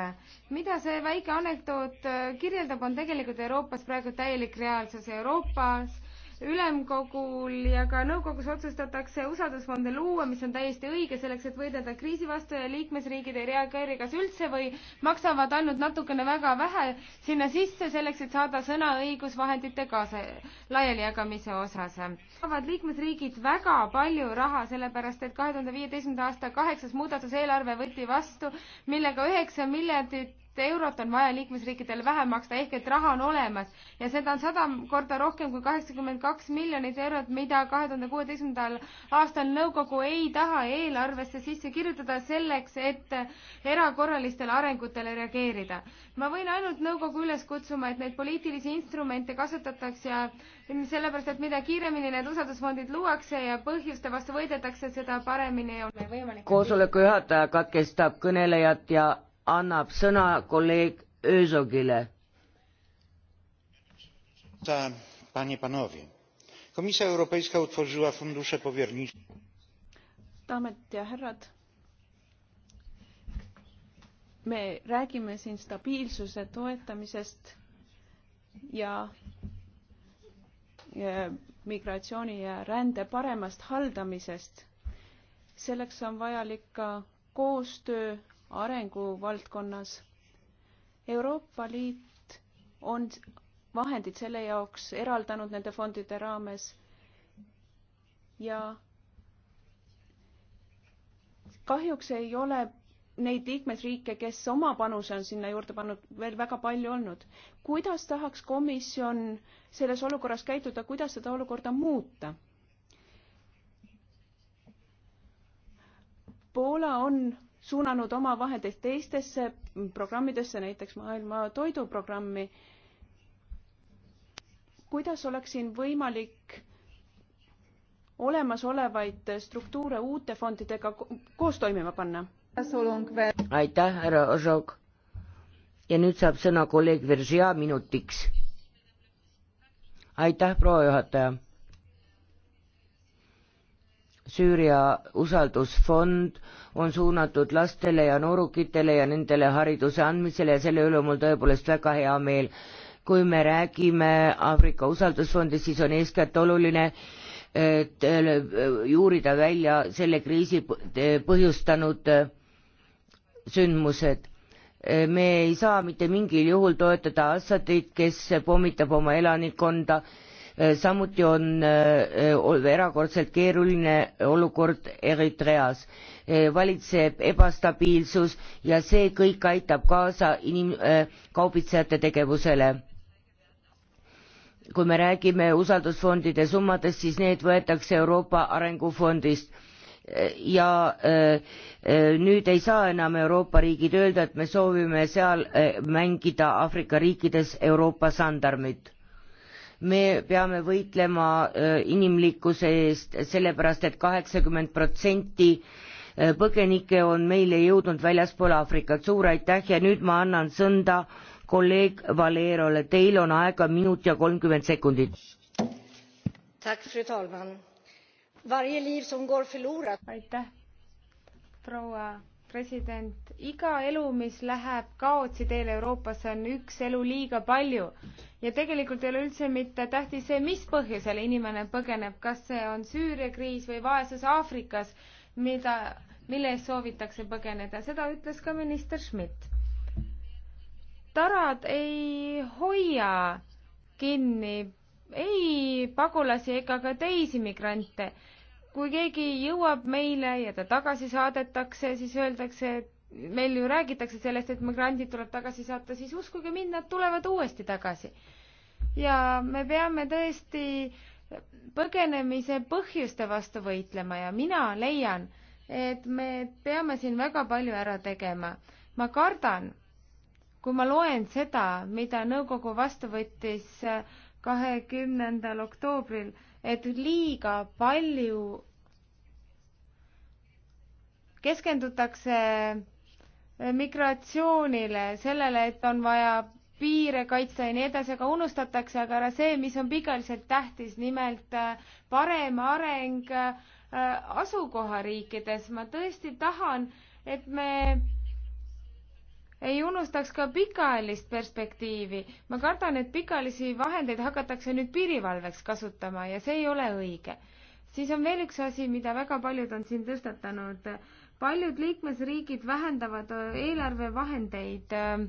Speaker 2: mida see väike anekdoot äh, kirjeldab, on tegelikult Euroopas praegu täielik reaalsus. Euroopas ülemkogul ja ka nõukogus otsustatakse usaldusfonde luua, mis on täiesti õige selleks, et võidelda kriisi vastu ja liikmesriigid ei reageeri kas üldse või maksavad ainult natukene väga vähe sinna sisse selleks, et saada sõnaõigus vahendite kaasa laialijagamise osas. saavad liikmesriigid väga palju raha, sellepärast et kahe tuhande viieteistkümnenda aasta kaheksas muudatuseelarve võeti vastu, millega üheksa miljardit eurot on vaja liikmesriikidele vähem maksta, ehk et raha on olemas ja seda on sada korda rohkem kui kaheksakümmend kaks miljonit eurot, mida kahe tuhande kuueteistkümnendal aastal nõukogu ei taha eelarvesse sisse kirjutada selleks, et erakorralistele arengutele reageerida. ma võin ainult nõukogu üles kutsuma, et neid poliitilisi instrumente kasutataks ja sellepärast, et mida kiiremini need usaldusfondid luuakse ja põhjuste vastu võidetakse, seda paremini on meil võimalik
Speaker 3: koosoleku juhataja katkestab kõnelejat ja annab sõna kolleeg Öösogile.
Speaker 4: Panie panowie, Komisja Europejska utworzyła fundusze powiernicze. Daamid ja härrad, me räägime siin stabiilsuse toetamisest ja, ja migratsiooni ja rände paremast haldamisest. selleks on vajalik ka koostöö arenguvaldkonnas. Euroopa Liit on vahendid selle jaoks eraldanud nende fondide raames ja kahjuks ei ole neid liikmesriike, kes oma panuse on sinna juurde pannud, veel väga palju olnud. kuidas tahaks komisjon selles olukorras käituda, kuidas seda olukorda muuta? Poola on suunanud oma vahendeid teistesse programmidesse, näiteks Maailma Toiduprogrammi. kuidas oleks siin võimalik olemasolevaid struktuure uute fondidega koos toimima panna?
Speaker 3: aitäh, härra Ožog. ja nüüd saab sõna kolleeg Veržia minutiks. aitäh, proua juhataja Süüria usaldusfond on suunatud lastele ja noorukitele ja nendele hariduse andmisele ja selle üle on mul tõepoolest väga hea meel. kui me räägime Aafrika usaldusfondist, siis on eeskätt oluline et eh, juurida välja selle kriisi põhjustanud eh, sündmused. Eh, me ei saa mitte mingil juhul toetada Assadit, kes pommitab oma elanikkonda Äh, samuti on äh, erakordselt keeruline olukord Eritreas. Äh, valitseb ebastabiilsus ja see kõik aitab kaasa inim-, kaubitsejate tegevusele kui me räägime usaldusfondide summadest, siis need võetakse Euroopa Arengufondist ja nüüd ei saa enam Euroopa riigid öelda, et me soovime seal mängida Aafrika riikides Euroopa sandarmit me peame võitlema äh, inimlikkuse eest, sellepärast et kaheksakümmend protsenti äh, põgenikke on meile jõudnud väljaspool Aafrikat. suur aitäh ja nüüd ma annan sõnda kolleeg Valerole, teil on aega minut ja kolmkümmend sekundit.
Speaker 2: aitäh, proua president, iga elu, mis läheb kaotsi teel Euroopasse, on üks elu liiga palju. ja tegelikult ei ole üldse mitte tähtis see, mis põhjusel inimene põgeneb, kas see on Süüria kriis või vaesus Aafrikas, mida, mille eest soovitakse põgeneda, seda ütles ka minister Schmidt. tarad ei hoia kinni ei pagulasi ega ka teisi migrante kui keegi jõuab meile ja ta tagasi saadetakse, siis öeldakse, et meil ju räägitakse sellest, et migrandid tuleb tagasi saata, siis uskuge mind, nad tulevad uuesti tagasi. ja me peame tõesti põgenemise põhjuste vastu võitlema ja mina leian, et me peame siin väga palju ära tegema. ma kardan, kui ma loen seda, mida nõukogu vastu võttis kahekümnendal oktoobril, et liiga palju keskendutakse äh, migratsioonile, sellele, et on vaja piire kaitsta ja nii edasi, aga unustatakse aga ära see, mis on pikaajaliselt tähtis, nimelt äh, parem areng äh, asukohariikides. ma tõesti tahan, et me ei unustaks ka pikaajalist perspektiivi. ma kardan, et pikaajalisi vahendeid hakatakse nüüd piirivalveks kasutama ja see ei ole õige. siis on veel üks asi, mida väga paljud on siin tõstatanud paljud liikmesriigid vähendavad äh, eelarvevahendeid äh,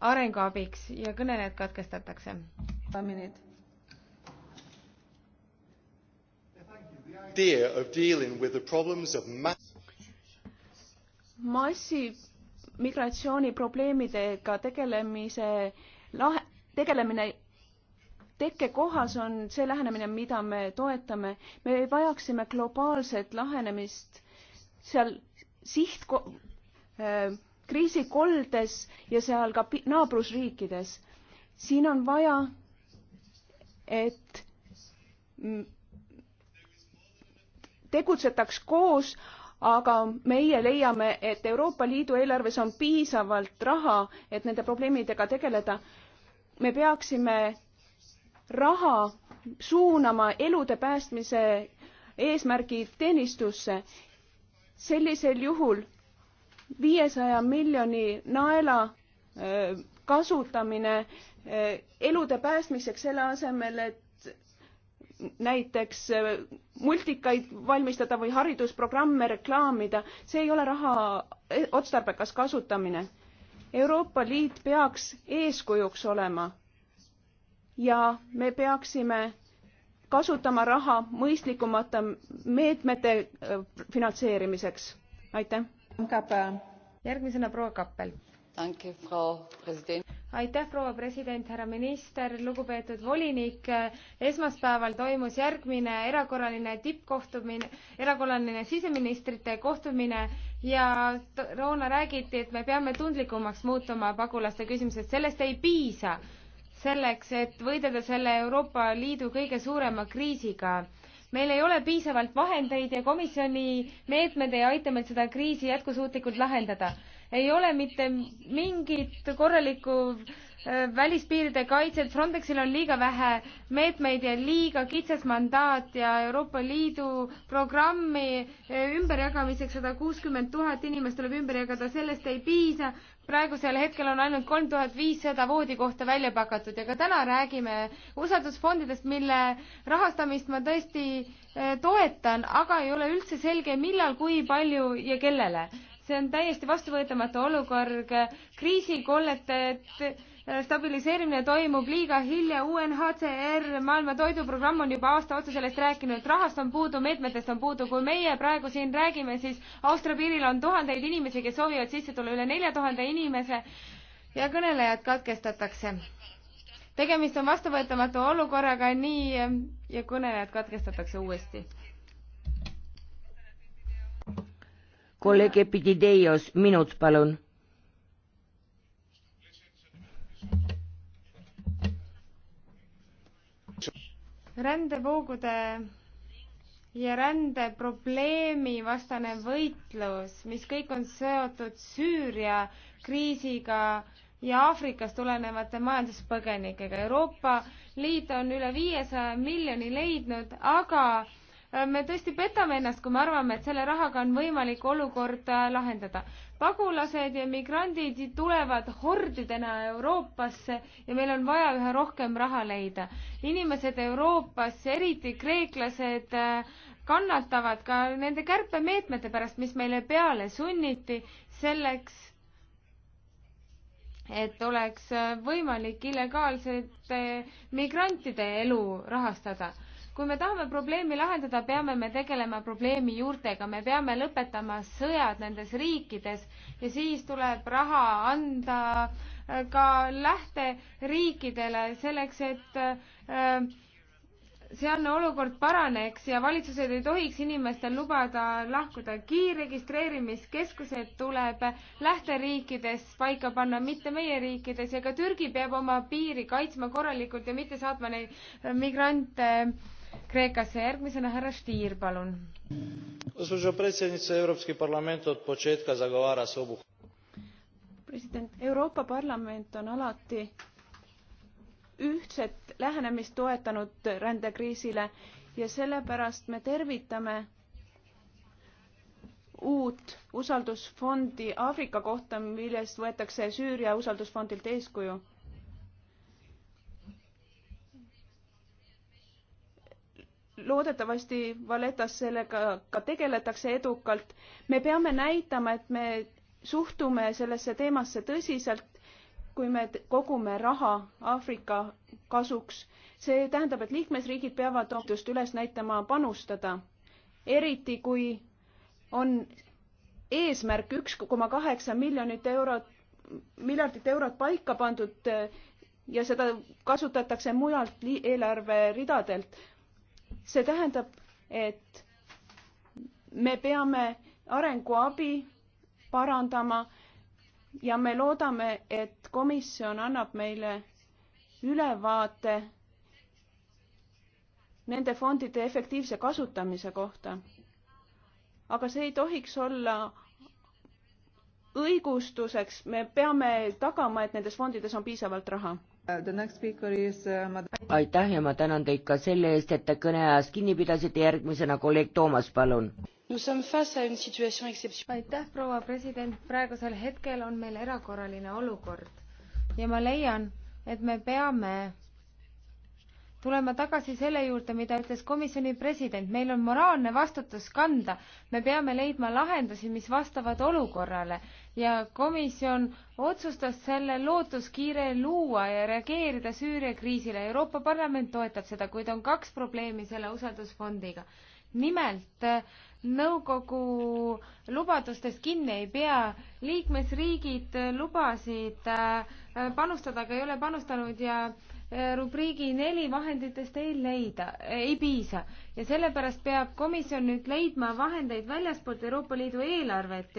Speaker 2: arenguabiks ja kõnelejad katkestatakse.
Speaker 4: massimigratsiooniprobleemidega tegelemise lahe, tegelemine tekkekohas on see lähenemine, mida me toetame. me vajaksime globaalset lähenemist seal siht äh, kriisikoldes ja seal ka naabrusriikides. siin on vaja, et tegutsetaks koos, aga meie leiame, et Euroopa Liidu eelarves on piisavalt raha, et nende probleemidega tegeleda. me peaksime raha suunama elude päästmise eesmärgi teenistusse sellisel juhul viiesaja miljoni naela kasutamine elude päästmiseks selle asemel, et näiteks multikaid valmistada või haridusprogramme reklaamida, see ei ole raha e, otstarbekas kasutamine. Euroopa Liit peaks eeskujuks olema ja me peaksime kasutama raha mõistlikumate meetmete äh, finantseerimiseks. aitäh. järgmisena proua Kappel.
Speaker 2: aitäh, proua president, härra minister, lugupeetud volinik. esmaspäeval toimus järgmine erakorraline tippkohtumine, erakorraline siseministrite kohtumine ja toona räägiti, et me peame tundlikumaks muutuma pagulaste küsimuses, sellest ei piisa selleks, et võidelda selle Euroopa Liidu kõige suurema kriisiga. meil ei ole piisavalt vahendeid ja komisjoni meetmed ei aita meil seda kriisi jätkusuutlikult lahendada. ei ole mitte mingit korralikku äh, välispiiride kaitset, Frontexil on liiga vähe meetmeid ja liiga kitsas mandaat ja Euroopa Liidu programmi äh, ümberjagamiseks sada kuuskümmend tuhat inimest tuleb ümber jagada, sellest ei piisa praegusel hetkel on ainult kolm tuhat viissada voodikohta välja pakatud ja ka täna räägime usaldusfondidest, mille rahastamist ma tõesti eh, toetan, aga ei ole üldse selge, millal, kui palju ja kellele. see on täiesti vastuvõetamatu olukord, kriisikolleted Äh, stabiliseerimine toimub liiga hilja, UNHCR, Maailma Toiduprogramm on juba aasta otsa sellest rääkinud, rahast on puudu, meetmetest on puudu, kui meie praegu siin räägime, siis Austria piiril on tuhandeid inimesi, kes soovivad sisse tulla, üle nelja tuhande inimese ja kõnelejad katkestatakse. tegemist on vastuvõetamatu olukorraga, nii äh, ja kõnelejad katkestatakse uuesti.
Speaker 3: kolleeg Epidideios, minut palun
Speaker 2: rändevoogude ja rändeprobleemi vastane võitlus, mis kõik on seotud Süüria kriisiga ja Aafrikast tulenevate majanduspõgenikega. Euroopa Liit on üle viiesaja miljoni leidnud, aga äh, me tõesti petame ennast, kui me arvame, et selle rahaga on võimalik olukorda lahendada pagulased ja migrandid tulevad hordidena Euroopasse ja meil on vaja üha rohkem raha leida. inimesed Euroopas, eriti kreeklased, kannatavad ka nende kärpemeetmete pärast, mis meile peale sunniti, selleks et oleks võimalik illegaalsete migrantide elu rahastada kui me tahame probleemi lahendada, peame me tegelema probleemi juurtega, me peame lõpetama sõjad nendes riikides ja siis tuleb raha anda äh, ka lähteriikidele selleks, et äh, sealne olukord paraneks ja valitsused ei tohiks inimestel lubada lahkuda. kiirregistreerimiskeskused tuleb lähteriikides paika panna, mitte meie riikides ja ka Türgi peab oma piiri kaitsma korralikult ja mitte saatma neid äh, migrante äh, Kreekasse. järgmisena härra Stier, palun.
Speaker 4: president, Euroopa Parlament on alati ühtset lähenemist toetanud rändekriisile ja sellepärast me tervitame uut usaldusfondi Aafrika kohta, millest võetakse Süüria usaldusfondilt eeskuju loodetavasti Valletas sellega ka tegeletakse edukalt. me peame näitama, et me suhtume sellesse teemasse tõsiselt, kui me kogume raha Aafrika kasuks. see tähendab, et liikmesriigid peavad ohtust üles näitama panustada, eriti kui on eesmärk üks koma kaheksa miljonit eurot, miljardit eurot paika pandud ja seda kasutatakse mujalt eelarveridadelt see tähendab, et me peame arenguabi parandama ja me loodame, et komisjon annab meile ülevaate nende fondide efektiivse kasutamise kohta. aga see ei tohiks olla õigustuseks, me peame tagama, et nendes fondides on piisavalt raha Uh,
Speaker 3: aitäh ja ma tänan teid ka selle eest, et te kõneajast kinni pidasite, järgmisena kolleeg Toomas, palun.
Speaker 2: aitäh, proua president, praegusel hetkel on meil erakorraline olukord ja ma leian, et me peame tuleme tagasi selle juurde, mida ütles komisjoni president, meil on moraalne vastutus kanda. me peame leidma lahendusi, mis vastavad olukorrale ja komisjon otsustas selle lootuskiire luua ja reageerida Süüria kriisile. Euroopa Parlament toetab seda, kuid on kaks probleemi selle usaldusfondiga. nimelt nõukogu lubadustest kinni ei pea. liikmesriigid lubasid äh, panustada, aga ei ole panustanud ja äh, rubriigi neli vahenditest ei leida, ei piisa ja sellepärast peab komisjon nüüd leidma vahendeid väljaspoolt Euroopa Liidu eelarvet,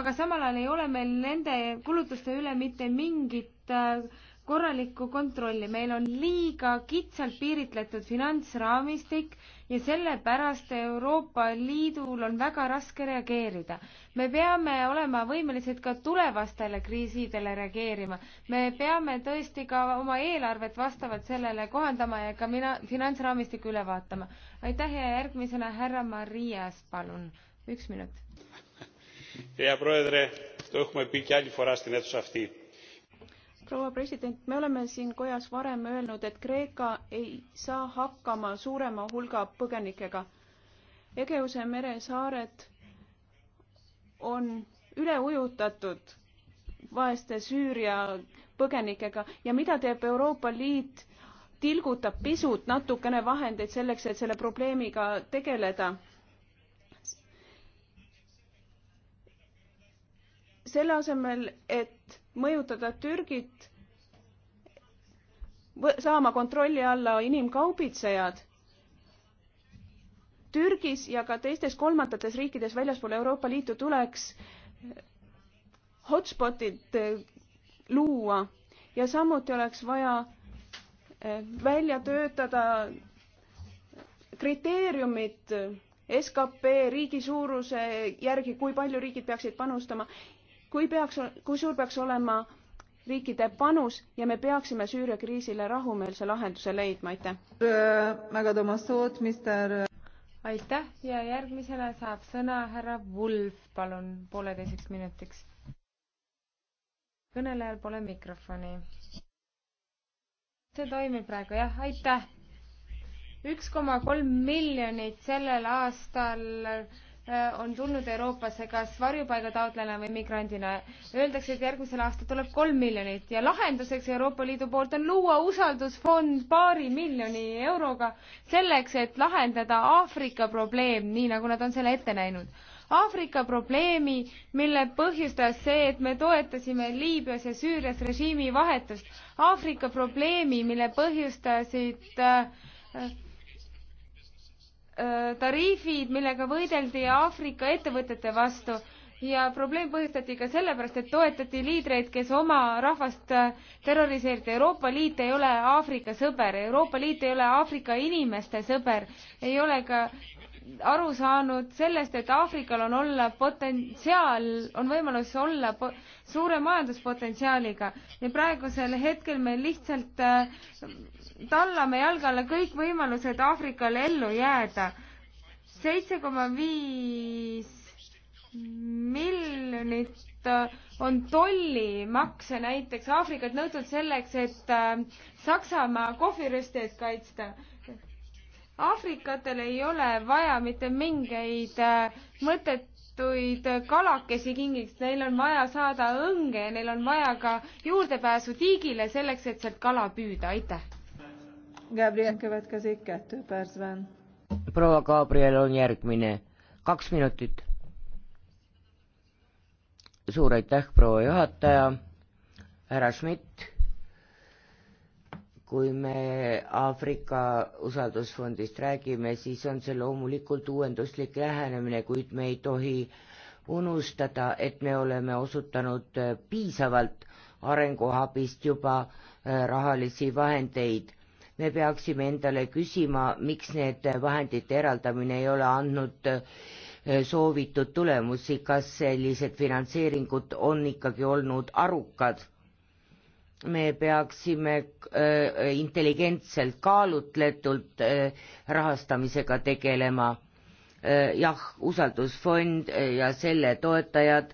Speaker 2: aga samal ajal ei ole meil nende kulutuste üle mitte mingit äh, korralikku kontrolli, meil on liiga kitsalt piiritletud finantsraamistik ja sellepärast Euroopa Liidul on väga raske reageerida. me peame olema võimelised ka tulevastele kriisidele reageerima. me peame tõesti ka oma eelarvet vastavalt sellele kohandama ja ka mina finantsraamistiku üle vaatama. aitäh ja järgmisena härra Marias, palun, üks minut.
Speaker 4: hea proua Edre, tõhme pikki alliforaasti näitus ahti proua president, me oleme siin kojas varem öelnud, et Kreeka ei saa hakkama suurema hulga põgenikega. Egeuse mere saared on üle ujutatud vaeste Süüria põgenikega ja mida teeb Euroopa Liit? tilgutab pisut natukene vahendeid selleks, et selle probleemiga tegeleda selle asemel, et mõjutada Türgit saama kontrolli alla inimkaubitsejad, Türgis ja ka teistes kolmandates riikides väljaspool Euroopa Liitu tuleks hotspotid eh, luua ja samuti oleks vaja eh, välja töötada kriteeriumid eh, skp riigi suuruse järgi, kui palju riigid peaksid panustama kui peaks, kui suur peaks olema riikide panus ja me peaksime Süüria kriisile rahumeelse lahenduse leidma, aitäh. aitäh
Speaker 2: ja järgmisena saab sõna härra Wulf, palun pooleteiseks minutiks. kõnelejal pole mikrofoni. see toimib praegu jah, aitäh. üks koma kolm miljonit sellel aastal Äh, on tulnud Euroopasse kas varjupaigataotlejana või migrandina. Öeldakse, et järgmisel aastal tuleb kolm miljonit ja lahenduseks Euroopa Liidu poolt on luua usaldusfond paari miljoni euroga selleks, et lahendada Aafrika probleem, nii nagu nad on selle ette näinud. Aafrika probleemi, mille põhjustas see, et me toetasime Liibüas ja Süürias režiimi vahetust. Aafrika probleemi, mille põhjustasid äh, Äh, tariifid, millega võideldi Aafrika ettevõtete vastu ja probleem põhjustati ka sellepärast, et toetati liidreid, kes oma rahvast äh, terroriseeriti. Euroopa Liit ei ole Aafrika sõber, Euroopa Liit ei ole Aafrika inimeste sõber, ei ole ka aru saanud sellest, et Aafrikal on olla potentsiaal, on võimalus olla suure majanduspotentsiaaliga ja praegusel hetkel me lihtsalt äh, tallame jalge alla kõik võimalused Aafrikal ellu jääda. seitse koma viis miljonit äh, on tollimakse näiteks Aafrikat nõutud selleks, et äh, Saksamaa kohvirüsteid kaitsta. Aafrikatel ei ole vaja mitte mingeid äh, mõtet toituid kalakesi kingiks, neil on vaja saada õnge ja neil on vaja ka juurdepääsu tiigile selleks, et sealt kala püüda, aitäh!
Speaker 4: Gabriel következik kettő percben.
Speaker 3: proua Gabriel on järgmine, kaks minutit. suur aitäh, proua juhataja, härra Schmidt. kui me Aafrika usaldusfondist räägime, siis on see loomulikult uuenduslik lähenemine, kuid me ei tohi unustada, et me oleme osutanud piisavalt arenguabist juba äh, rahalisi vahendeid me peaksime endale küsima, miks need vahendite eraldamine ei ole andnud eh, soovitud tulemusi, kas sellised finantseeringud on ikkagi olnud arukad me peaksime äh, intelligentselt, kaalutletult äh, rahastamisega tegelema äh,. jah, usaldusfond ja selle toetajad,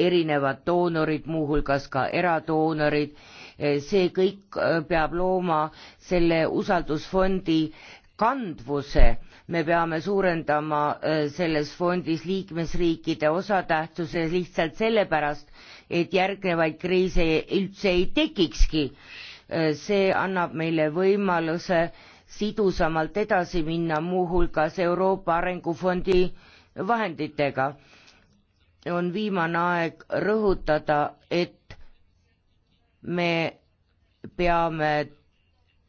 Speaker 3: erinevad doonorid, muuhulgas ka eradoonorid, Eh, see kõik eh, peab looma selle usaldusfondi kandvuse me peame suurendama eh, selles fondis liikmesriikide osatähtsuse lihtsalt sellepärast et järgnevaid kriise üldse ei tekikski see annab meile võimaluse sidusamalt edasi minna muuhulgas euroopa arengufondi vahenditega on viimane aeg rõhutada et me peame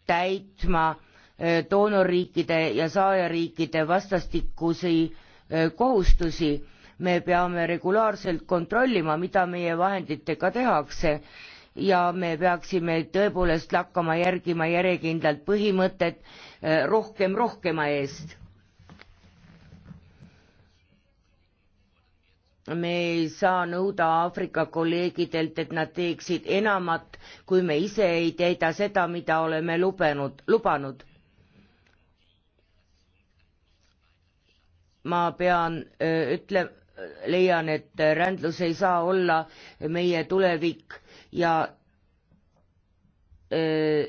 Speaker 3: täitma äh, doonorriikide ja saajariikide vastastikusi äh, kohustusi me peame regulaarselt kontrollima mida meie vahenditega tehakse ja me peaksime tõepoolest hakkama järgima järjekindlalt põhimõtet äh, rohkem rohkema eest. me ei saa nõuda Aafrika kolleegidelt, et nad teeksid enamat, kui me ise ei täida seda, mida oleme lubenud, lubanud. ma pean ütle, leian, et rändlus ei saa olla meie tulevik ja öö,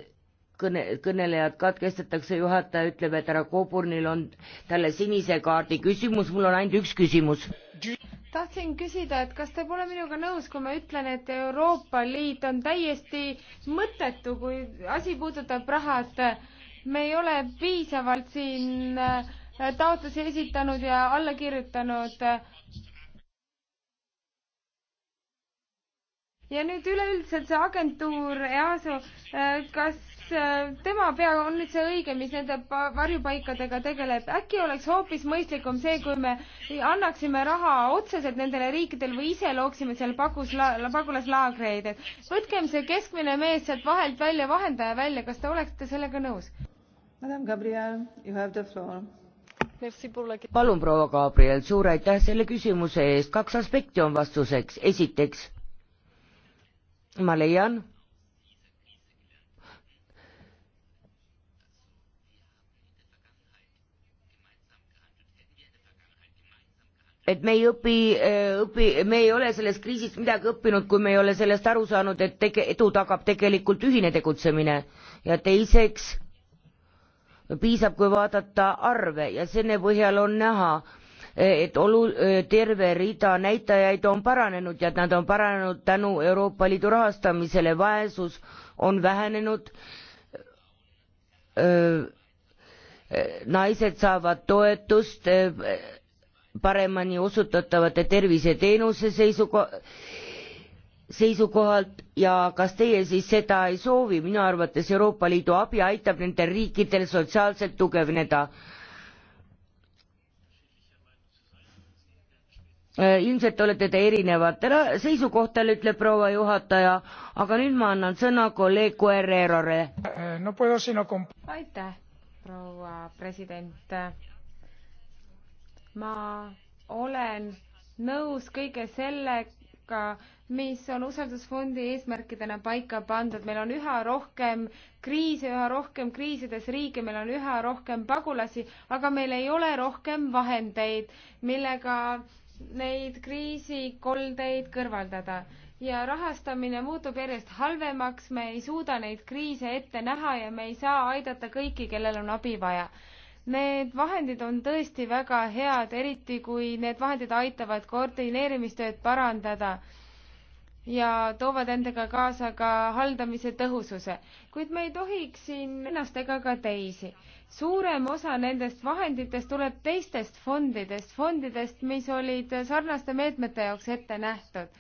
Speaker 3: kõne, kõnelejad katkestatakse, juhataja ütleb, et härra Koburnil on talle sinise kaardi küsimus, mul on ainult üks küsimus
Speaker 2: tahtsin küsida, et kas te pole minuga nõus, kui ma ütlen, et Euroopa Liit on täiesti mõttetu, kui asi puudutab rahad. me ei ole piisavalt siin äh, taotlusi esitanud ja alla kirjutanud. ja nüüd üleüldiselt see agentuur EASO, äh, kas Äh, tema pea on nüüd see õige, mis nende varjupaikadega tegeleb. äkki oleks hoopis mõistlikum see, kui me annaksime raha otseselt nendele riikidele või ise looksime seal pagus, pagulaslaagreid, et võtkem see keskmine mees sealt vahelt välja, vahendaja välja, kas te oleksite sellega nõus? Madam
Speaker 4: Gabriel,
Speaker 1: you have the floor
Speaker 3: palun proua gabriel suur aitäh selle küsimuse eest kaks aspekti on vastuseks esiteks ma leian et me ei õpi, äh, õpi, me ei ole sellest kriisist midagi õppinud, kui me ei ole sellest aru saanud, et tege-, edu tagab tegelikult ühine tegutsemine. ja teiseks, piisab, kui vaadata arve ja selle põhjal on näha, et olu-, terve rida näitajaid on paranenud ja nad on paranenud tänu Euroopa Liidu rahastamisele, vaesus on vähenenud, naised saavad toetust öö, paremini osutatavate terviseteenuse seisukoha- seisukohalt ja kas teie siis seda ei soovi minu arvates euroopa liidu abi aitab nendel riikidel sotsiaalselt tugevneda äh, ilmselt olete te erinevatel seisukohtadel ütleb proua juhataja aga nüüd ma annan sõna kolleeg Guerrerole
Speaker 4: äh, no puedo sino aitäh proua
Speaker 2: president ma olen nõus kõige sellega, mis on usaldusfondi eesmärkidena paika pandud, meil on üha rohkem kriise, üha rohkem kriisides riike, meil on üha rohkem pagulasi, aga meil ei ole rohkem vahendeid, millega neid kriisikoldeid kõrvaldada ja rahastamine muutub järjest halvemaks, me ei suuda neid kriise ette näha ja me ei saa aidata kõiki, kellel on abi vaja Need vahendid on tõesti väga head, eriti kui need vahendid aitavad koordineerimistööd parandada ja toovad endaga kaasa ka haldamise tõhususe, kuid me ei tohiks siin ennast ega ka teisi. suurem osa nendest vahenditest tuleb teistest fondidest, fondidest, mis olid sarnaste meetmete jaoks ette nähtud.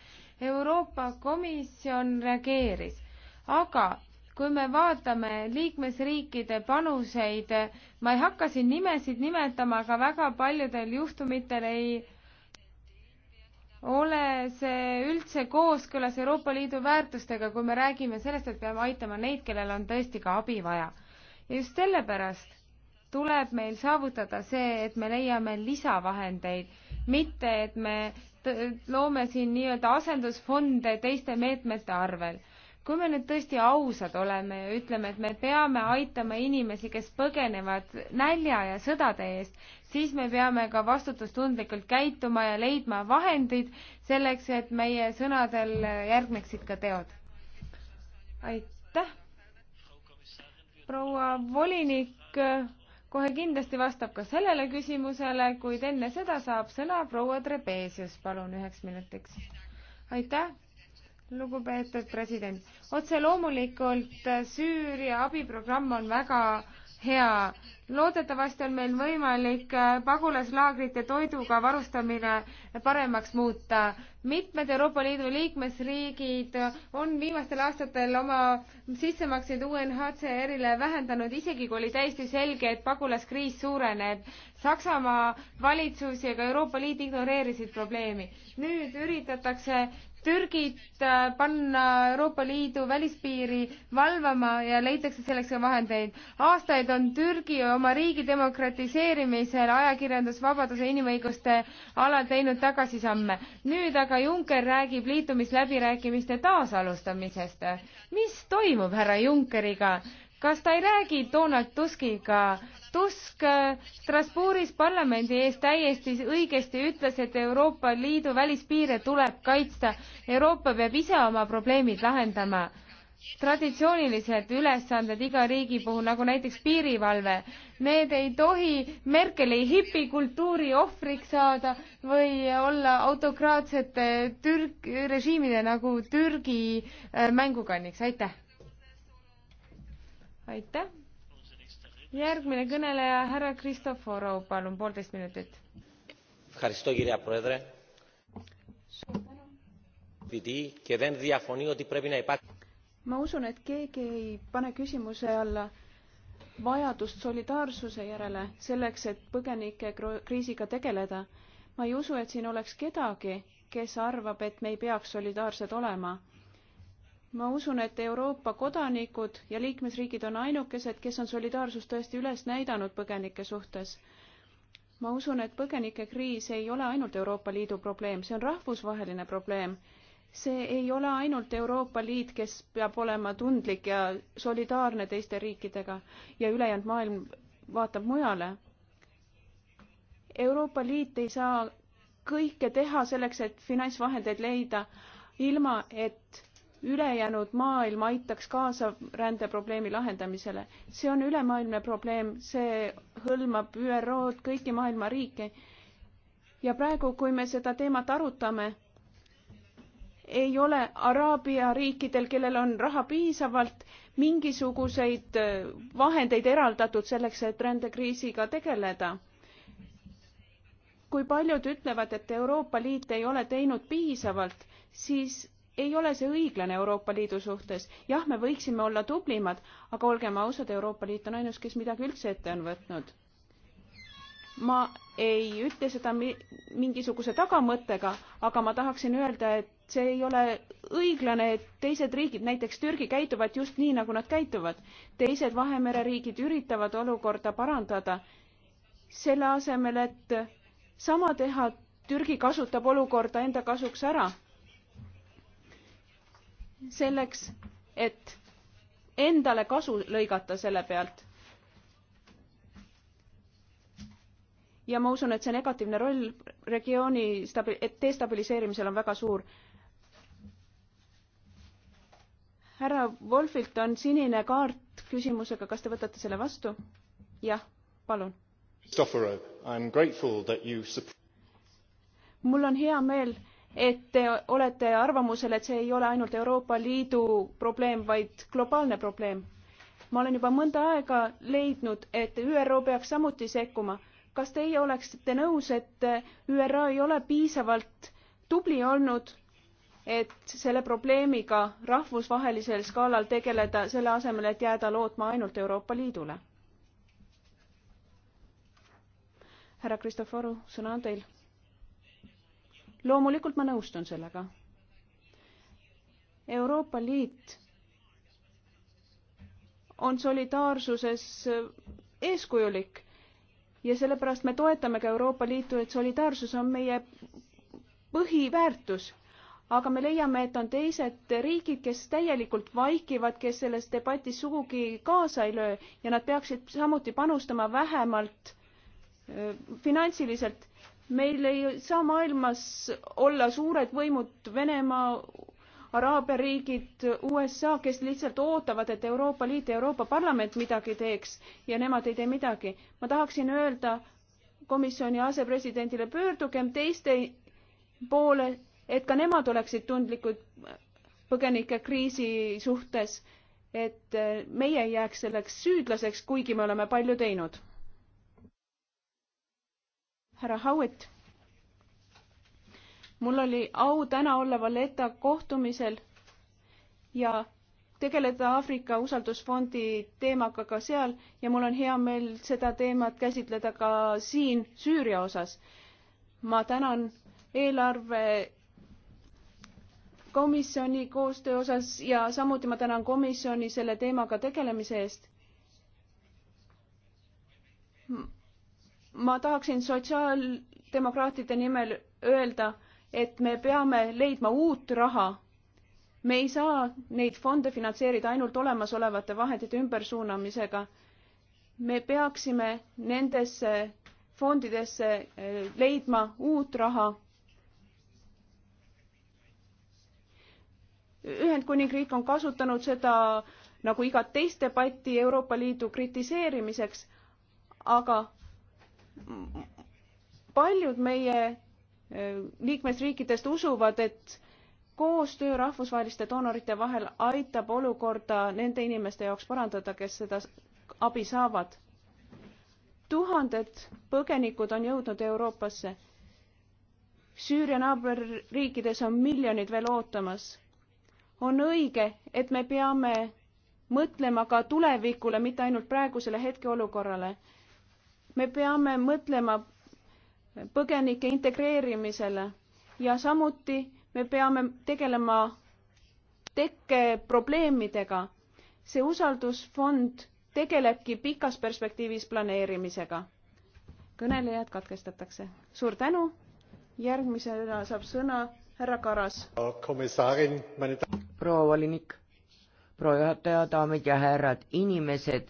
Speaker 2: Euroopa Komisjon reageeris, aga kui me vaatame liikmesriikide panuseid, ma ei hakka siin nimesid nimetama, aga väga paljudel juhtumitel ei ole see üldse kooskõlas Euroopa Liidu väärtustega, kui me räägime sellest, et peame aitama neid, kellel on tõesti ka abi vaja. ja just sellepärast tuleb meil saavutada see, et me leiame lisavahendeid, mitte et me loome siin nii-öelda asendusfonde teiste meetmete arvel kui me nüüd tõesti ausad oleme ja ütleme, et me peame aitama inimesi, kes põgenevad nälja ja sõdade eest, siis me peame ka vastutustundlikult käituma ja leidma vahendid selleks, et meie sõnadel järgneksid ka teod. aitäh! proua volinik kohe kindlasti vastab ka sellele küsimusele, kuid enne seda saab sõna proua Trebesius, palun üheks minutiks. aitäh! lugupeetud president, otse loomulikult Süüria abiprogramm on väga hea. loodetavasti on meil võimalik äh, pagulaslaagrite toiduga varustamine paremaks muuta. mitmed Euroopa Liidu liikmesriigid on viimastel aastatel oma sissemakseid UNHCR-ile vähendanud, isegi kui oli täiesti selge, et pagulaskriis suureneb. Saksamaa valitsus ja ka Euroopa Liit ignoreerisid probleemi. nüüd üritatakse Türgit äh, panna Euroopa Liidu välispiiri valvama ja leitakse selleks ka vahendeid. aastaid on Türgi oma riigi demokratiseerimisel ajakirjandusvabaduse inimõiguste alal teinud tagasisamme. nüüd aga Juncker räägib liitumisläbirääkimiste taasalustamisest. mis toimub härra Junckeriga? kas ta ei räägi Donald Tuskiga? Tusk äh, Strasbourgis parlamendi ees täiesti õigesti ütles, et Euroopa Liidu välispiire tuleb kaitsta. Euroopa peab ise oma probleemid lahendama. traditsioonilised ülesanded iga riigi puhul, nagu näiteks piirivalve, need ei tohi Merkeli hipikultuuri ohvriks saada või olla autokraatsete türk-, režiimide nagu Türgi äh, mängukanniks, aitäh! aitäh. järgmine kõneleja, härra Kristoforo, palun, poolteist minutit.
Speaker 4: ma usun, et keegi ei pane küsimuse alla vajadust solidaarsuse järele selleks, et põgenike kriisiga tegeleda. ma ei usu, et siin oleks kedagi, kes arvab, et me ei peaks solidaarsed olema ma usun, et Euroopa kodanikud ja liikmesriigid on ainukesed, kes on solidaarsust tõesti üles näidanud põgenike suhtes. ma usun, et põgenikekriis ei ole ainult Euroopa Liidu probleem, see on rahvusvaheline probleem. see ei ole ainult Euroopa Liit, kes peab olema tundlik ja solidaarne teiste riikidega ja ülejäänud maailm vaatab mujale. Euroopa Liit ei saa kõike teha selleks, et finantsvahendeid leida, ilma et ülejäänud maailm aitaks kaasa rändeprobleemi lahendamisele. see on ülemaailmne probleem, see hõlmab ÜRO-d, kõiki maailma riike. ja praegu, kui me seda teemat arutame, ei ole Araabia riikidel, kellel on raha piisavalt, mingisuguseid äh, vahendeid eraldatud selleks, et rändekriisiga tegeleda kui paljud ütlevad, et Euroopa Liit ei ole teinud piisavalt, siis ei ole see õiglane Euroopa Liidu suhtes. jah, me võiksime olla tublimad, aga olgem ausad, Euroopa Liit on ainus, kes midagi üldse ette on võtnud. ma ei ütle seda mi mingisuguse tagamõttega, aga ma tahaksin öelda, et see ei ole õiglane, et teised riigid, näiteks Türgi, käituvad just nii, nagu nad käituvad. teised Vahemere riigid üritavad olukorda parandada, selle asemel, et sama teha, Türgi kasutab olukorda enda kasuks ära selleks, et endale kasu lõigata selle pealt. ja ma usun, et see negatiivne roll regiooni stabi-, destabiliseerimisel on väga suur. härra Wolfilt on sinine kaart küsimusega, kas te võtate selle vastu? jah, palun. mul on hea meel, et te olete arvamusel, et see ei ole ainult Euroopa Liidu probleem, vaid globaalne probleem. ma olen juba mõnda aega leidnud, et ÜRO peaks samuti sekkuma. kas teie oleksite nõus, et ÜRO ei ole piisavalt tubli olnud, et selle probleemiga rahvusvahelisel skaalal tegeleda, selle asemel, et jääda lootma ainult Euroopa Liidule? härra Kristoforu, sõna on teil loomulikult ma nõustun sellega. Euroopa Liit on solidaarsuses eeskujulik ja sellepärast me toetame ka Euroopa Liitu, et solidaarsus on meie põhiväärtus. aga me leiame, et on teised riigid, kes täielikult vaikivad, kes selles debatis sugugi kaasa ei löö ja nad peaksid samuti panustama vähemalt äh, finantsiliselt meil ei saa maailmas olla suured võimud Venemaa, Araabia riigid, USA, kes lihtsalt ootavad, et Euroopa Liit ja Euroopa Parlament midagi teeks ja nemad ei tee midagi. ma tahaksin öelda komisjoni asepresidendile, pöördugem teiste poole, et ka nemad oleksid tundlikud põgenikekriisi suhtes, et meie ei jääks selleks süüdlaseks, kuigi me oleme palju teinud härra Howitt. mul oli au täna olla Valletta kohtumisel ja tegeleda Aafrika usaldusfondi teemaga ka seal ja mul on hea meel seda teemat käsitleda ka siin Süüria osas. ma tänan eelarve komisjoni koostöö osas ja samuti ma tänan komisjoni selle teemaga tegelemise eest ma tahaksin sotsiaaldemokraatide nimel öelda, et me peame leidma uut raha. me ei saa neid fonde finantseerida ainult olemasolevate vahendite ümbersuunamisega. me peaksime nendesse fondidesse eh, leidma uut raha. Ühendkuningriik on kasutanud seda nagu igat teist debatti Euroopa Liidu kritiseerimiseks, aga paljud meie eh, liikmesriikidest usuvad, et koostöö rahvusvaheliste doonorite vahel aitab olukorda nende inimeste jaoks parandada, kes seda abi saavad. tuhanded põgenikud on jõudnud Euroopasse. Süüria naaberriikides on miljonid veel ootamas. on õige, et me peame mõtlema ka tulevikule, mitte ainult praegusele hetkeolukorrale me peame mõtlema põgenike integreerimisele ja samuti me peame tegelema tekkeprobleemidega. see usaldusfond tegelebki pikas perspektiivis planeerimisega. kõnelejad katkestatakse. suur tänu. järgmisena saab sõna härra Karas.
Speaker 3: proua volinik, proua juhataja, daamid ja härrad, inimesed,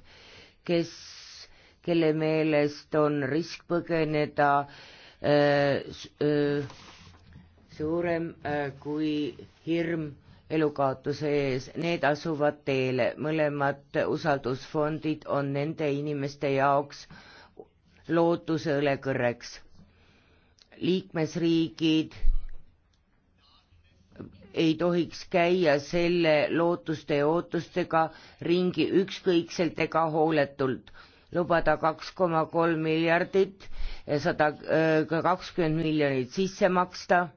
Speaker 3: kes kelle meelest on risk põgeneda öö, äh, öö, äh, suurem öö, äh, kui hirm elukaotuse ees, need asuvad teele, mõlemad usaldusfondid on nende inimeste jaoks lootuse õlekõrreks. liikmesriigid ei tohiks käia selle lootuste ja ootustega ringi ükskõikselt ega hooletult lubada kaks koma kolm miljardit ja sada äh, kakskümmend miljonit sisse maksta.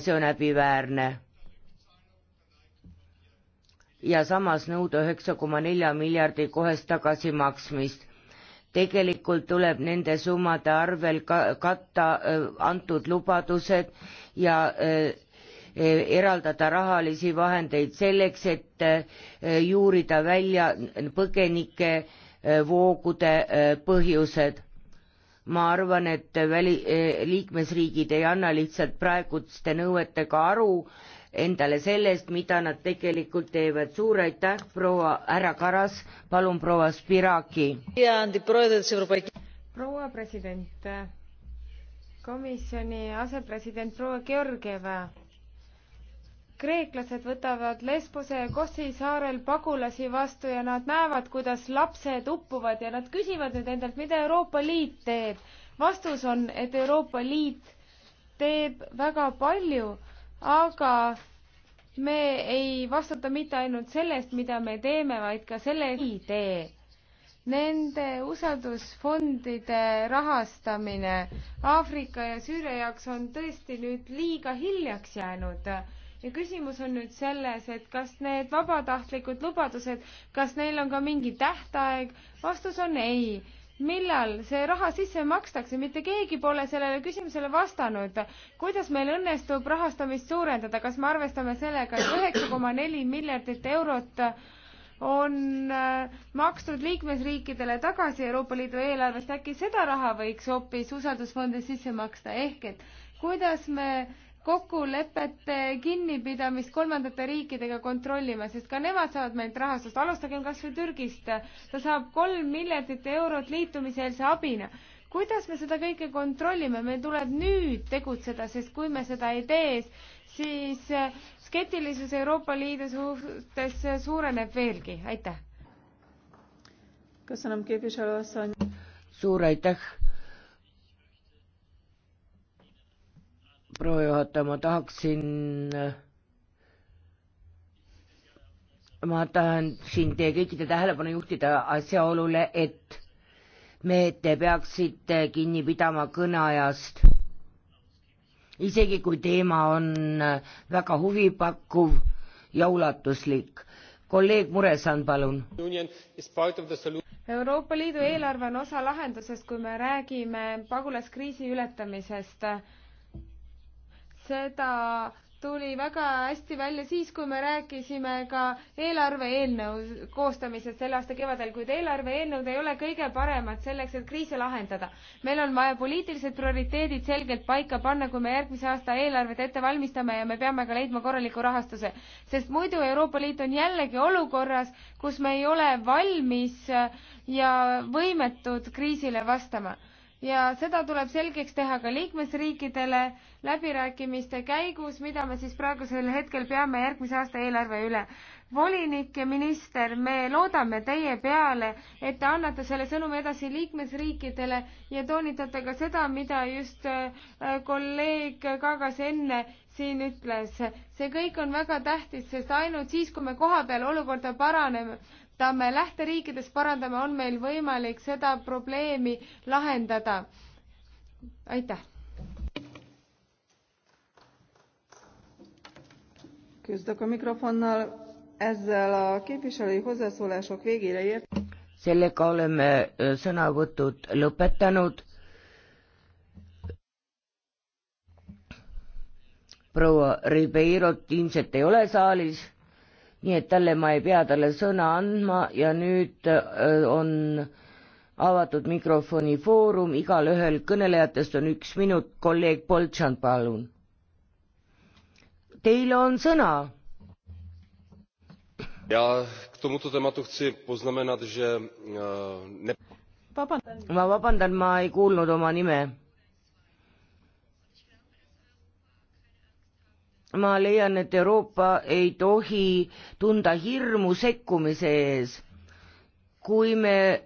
Speaker 3: see on häbiväärne. ja samas nõuda üheksa koma nelja miljardi kohest tagasimaksmist tegelikult tuleb nende summade arvel ka, katta äh, antud lubadused ja äh, eraldada rahalisi vahendeid selleks, et juurida välja põgenike Eh, voogude eh, põhjused. ma arvan, et väli-, eh, liikmesriigid ei anna lihtsalt praeguste nõuetega aru endale sellest, mida nad tegelikult teevad. suur aitäh, proua härra Karas, palun proua Spiraki.
Speaker 2: proua president, komisjoni asepresident proua Georgieva kreeklased võtavad Lesbose ja Kossi saarel pagulasi vastu ja nad näevad, kuidas lapsed uppuvad ja nad küsivad nüüd endalt, mida Euroopa Liit teeb. vastus on, et Euroopa Liit teeb väga palju, aga me ei vastuta mitte ainult selle eest, mida me teeme, vaid ka selle ei tee. Nende usaldusfondide rahastamine Aafrika ja Süüria jaoks on tõesti nüüd liiga hiljaks jäänud ja küsimus on nüüd selles, et kas need vabatahtlikud lubadused, kas neil on ka mingi tähtaeg? vastus on ei. millal see raha sisse makstakse, mitte keegi pole sellele küsimusele vastanud. kuidas meil õnnestub rahastamist suurendada, kas me arvestame sellega, et üheksa koma neli miljardit eurot on äh, makstud liikmesriikidele tagasi Euroopa Liidu eelarvest, äkki seda raha võiks hoopis usaldusfondi sisse maksta, ehk et kuidas me kokkulepete kinnipidamist kolmandate riikidega kontrollima, sest ka nemad saavad meilt rahastust. alustagem kas või Türgist. ta saab kolm miljardit eurot liitumiseelse abina. kuidas me seda kõike kontrollime? meil tuleb nüüd tegutseda, sest kui me seda ei tee, siis äh, skeptilisus Euroopa Liidu suhtes äh, suureneb veelgi. aitäh!
Speaker 3: suur aitäh! proua juhataja, ma tahaksin, ma tahan siin teie kõikide tähelepanu juhtida asjaolule, et me, te peaksite kinni pidama kõneajast. isegi kui teema on väga huvipakkuv ja ulatuslik. kolleeg Muresan, palun.
Speaker 2: Euroopa Liidu eelarve on osa lahendusest, kui me räägime pagulaskriisi ületamisest seda tuli väga hästi välja siis, kui me rääkisime ka eelarve eelnõu koostamisest selle aasta kevadel, kuid eelarve eelnõud ei ole kõige paremad selleks, et kriise lahendada. meil on vaja poliitilised prioriteedid selgelt paika panna, kui me järgmise aasta eelarvet ette valmistame ja me peame ka leidma korraliku rahastuse, sest muidu Euroopa Liit on jällegi olukorras, kus me ei ole valmis ja võimetud kriisile vastama ja seda tuleb selgeks teha ka liikmesriikidele läbirääkimiste käigus, mida me siis praegusel hetkel peame järgmise aasta eelarve üle. volinik ja minister, me loodame teie peale, et te annate selle sõnumi edasi liikmesriikidele ja toonitate ka seda, mida just äh, kolleeg Kagas enne siin ütles. see kõik on väga tähtis, sest ainult siis, kui me kohapeal olukorda paraneme, me lähteriikides parandame, on meil võimalik seda probleemi lahendada. aitäh!
Speaker 4: küzdök a mikrofonnal. Ezzel a képviselői hozzászólások végére ért.
Speaker 3: Sellega oleme sõnavõtud lõpetanud. Proua Ribeirot ilmselt ei ole saalis, nii et talle ma ei pea talle sõna andma ja nüüd on avatud mikrofoni foorum, igal ühel kõnelejatest on üks minut, kolleeg Boltšan, palun teil on sõna.
Speaker 4: ja k tomuto tématu chci poznamenat že e, ne...
Speaker 3: Vabandan. ma vabandan ma ei kuulnud oma nime ma leian et euroopa ei tohi tunda hirmu sekkumise ees kui me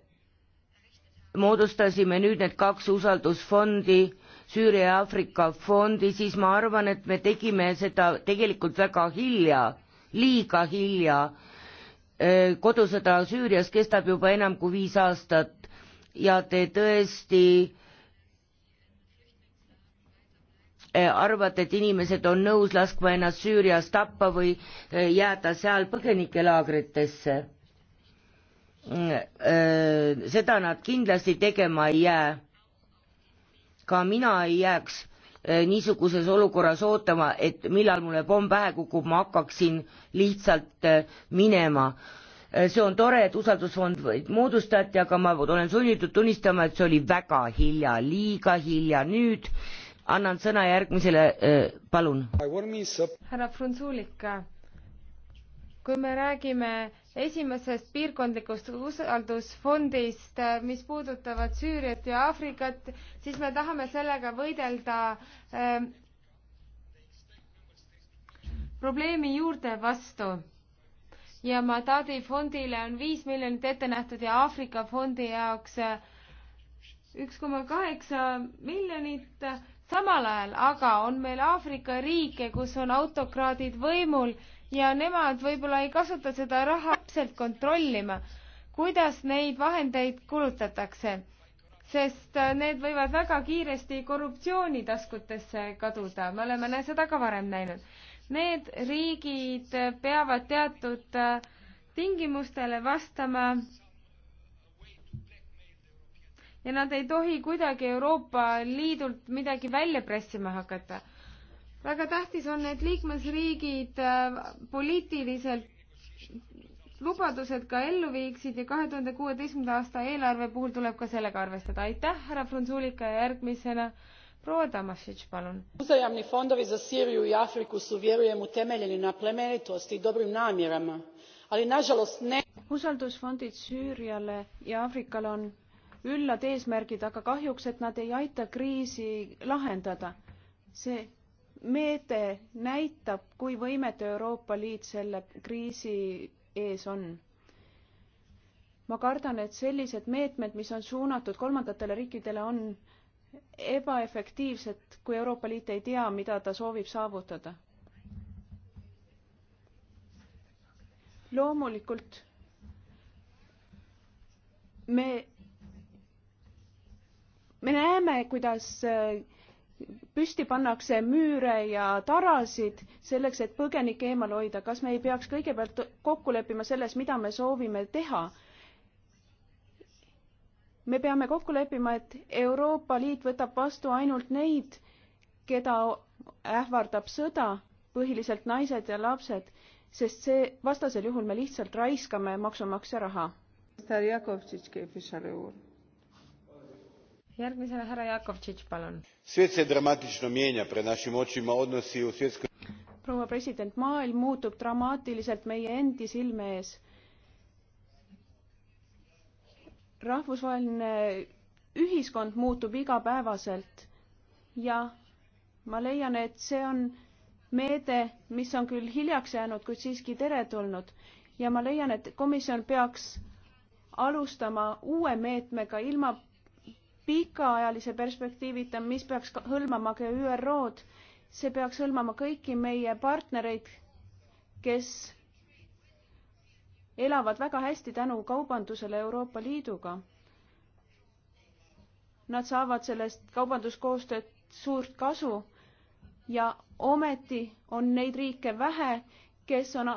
Speaker 3: moodustasime nüüd need kaks usaldusfondi Süüria ja Aafrika fondi, siis ma arvan, et me tegime seda tegelikult väga hilja, liiga hilja. Äh, kodusõda Süürias kestab juba enam kui viis aastat ja te tõesti äh, arvate, et inimesed on nõus laskma ennast Süürias tappa või äh, jääda seal põgenikelaagritesse mm, seda nad kindlasti tegema ei jää ka mina ei jääks eh, niisuguses olukorras ootama, et millal mulle pomm pähe kukub, ma hakkaksin lihtsalt eh, minema. Eh, see on tore, et usaldusfond moodustati, aga ma olen sunnitud tunnistama, et see oli väga hilja, liiga hilja. nüüd annan sõna järgmisele,
Speaker 4: palun.
Speaker 2: härra Frunzulika kui me räägime esimesest piirkondlikust usaldusfondist, mis puudutavad Süüriat ja Aafrikat, siis me tahame sellega võidelda äh, probleemi juurde vastu ja Madadi fondile on viis miljonit ette nähtud ja Aafrika fondi jaoks äh, üks koma kaheksa miljonit. samal ajal aga on meil Aafrika riike, kus on autokraadid võimul ja nemad võib-olla ei kasuta seda raha täpselt kontrollima, kuidas neid vahendeid kulutatakse, sest äh, need võivad väga kiiresti korruptsioonitaskutesse kaduda, me oleme seda ka varem näinud. Need riigid äh, peavad teatud äh, tingimustele vastama ja nad ei tohi kuidagi Euroopa Liidult midagi välja pressima hakata väga tähtis on, et liikmesriigid äh, poliitiliselt lubadused ka ellu viiksid ja kahe tuhande kuueteistkümnenda aasta eelarve puhul tuleb ka sellega arvestada. aitäh, härra Frunzulika ja järgmisena proua Tamasic, palun.
Speaker 4: uzajamni fondovi za Siriju i Afriku su vjerujem utemeljeni na plemenitosti i dobrim namjerama, ali nažalost ne. usaldusfondid Süüriale ja Aafrikale on üllad eesmärgid, aga kahjuks, et nad ei aita kriisi lahendada. see meede näitab, kui võimetu Euroopa Liit selle kriisi ees on. ma kardan, et sellised meetmed, mis on suunatud kolmandatele riikidele, on ebaefektiivsed, kui Euroopa Liit ei tea, mida ta soovib saavutada. loomulikult me, me näeme, kuidas äh, püsti pannakse müüre ja tarasid selleks, et põgenikke eemal hoida, kas me ei peaks kõigepealt kokku leppima selles, mida me soovime teha? me peame kokku leppima, et Euroopa Liit võtab vastu ainult neid, keda ähvardab sõda, põhiliselt naised ja lapsed, sest see, vastasel juhul me lihtsalt raiskame maksumaksja raha järgmisena härra Jakovtšitš, palun. proua president, maailm muutub dramaatiliselt meie endi silme ees. rahvusvaheline ühiskond muutub igapäevaselt ja ma leian, et see on meede, mis on küll hiljaks jäänud, kuid siiski teretulnud ja ma leian, et komisjon peaks alustama uue meetmega ilma pikaajalise perspektiivita, mis peaks hõlmama ka ÜRO-d, see peaks hõlmama kõiki meie partnereid, kes elavad väga hästi tänu kaubandusele Euroopa Liiduga. Nad saavad sellest kaubanduskoostööd suurt kasu ja ometi on neid riike vähe, kes on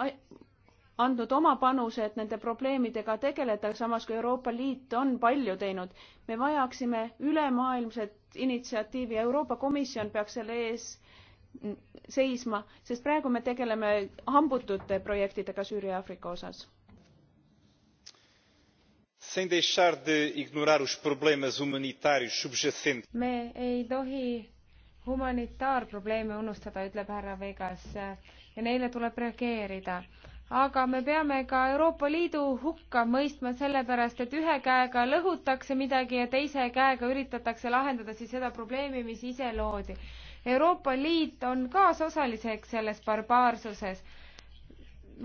Speaker 4: andnud oma panuse, et nende probleemidega tegeleda, samas kui Euroopa Liit on palju teinud. me vajaksime ülemaailmset initsiatiivi ja Euroopa Komisjon peaks selle ees seisma, sest praegu me tegeleme hambutute projektidega Süüria ja Aafrika osas.
Speaker 2: me ei tohi humanitaarprobleeme unustada, ütleb härra Vegas ja neile tuleb reageerida aga me peame ka Euroopa Liidu hukka mõistma, sellepärast et ühe käega lõhutakse midagi ja teise käega üritatakse lahendada siis seda probleemi, mis ise loodi. Euroopa Liit on kaasosaliseks selles barbaarsuses.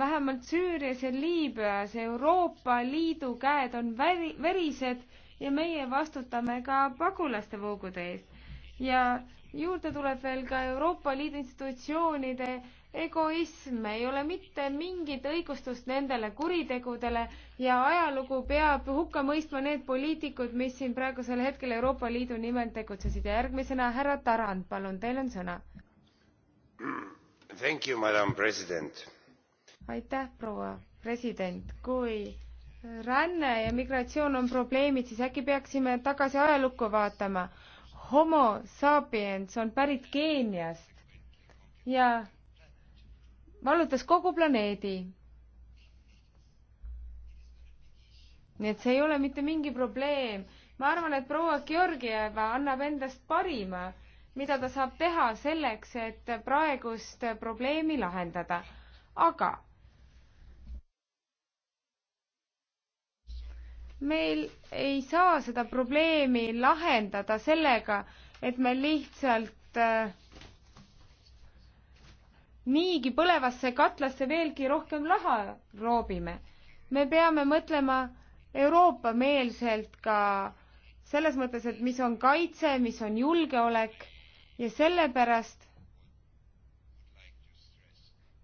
Speaker 2: vähemalt Süürias ja Liibüas Euroopa Liidu käed on väri, verised ja meie vastutame ka pagulaste voogude eest. ja juurde tuleb veel ka Euroopa Liidu institutsioonide egoism, ei ole mitte mingit õigustust nendele kuritegudele ja ajalugu peab hukka mõistma need poliitikud, mis siin praegusel hetkel Euroopa Liidu nimel tegutsesid ja järgmisena härra Tarand, palun, teil on sõna.
Speaker 4: Thank you, madam president.
Speaker 2: aitäh, proua president, kui ränne ja migratsioon on probleemid, siis äkki peaksime tagasi ajalukku vaatama. Homo sapiens on pärit Keeniast ja vallutas kogu planeedi. nii et see ei ole mitte mingi probleem. ma arvan, et proua Georgieva annab endast parima, mida ta saab teha selleks, et praegust probleemi lahendada. aga meil ei saa seda probleemi lahendada sellega, et me lihtsalt äh, niigi põlevasse katlasse veelgi rohkem raha loobime. me peame mõtlema Euroopa-meelselt ka selles mõttes, et mis on kaitse, mis on julgeolek ja sellepärast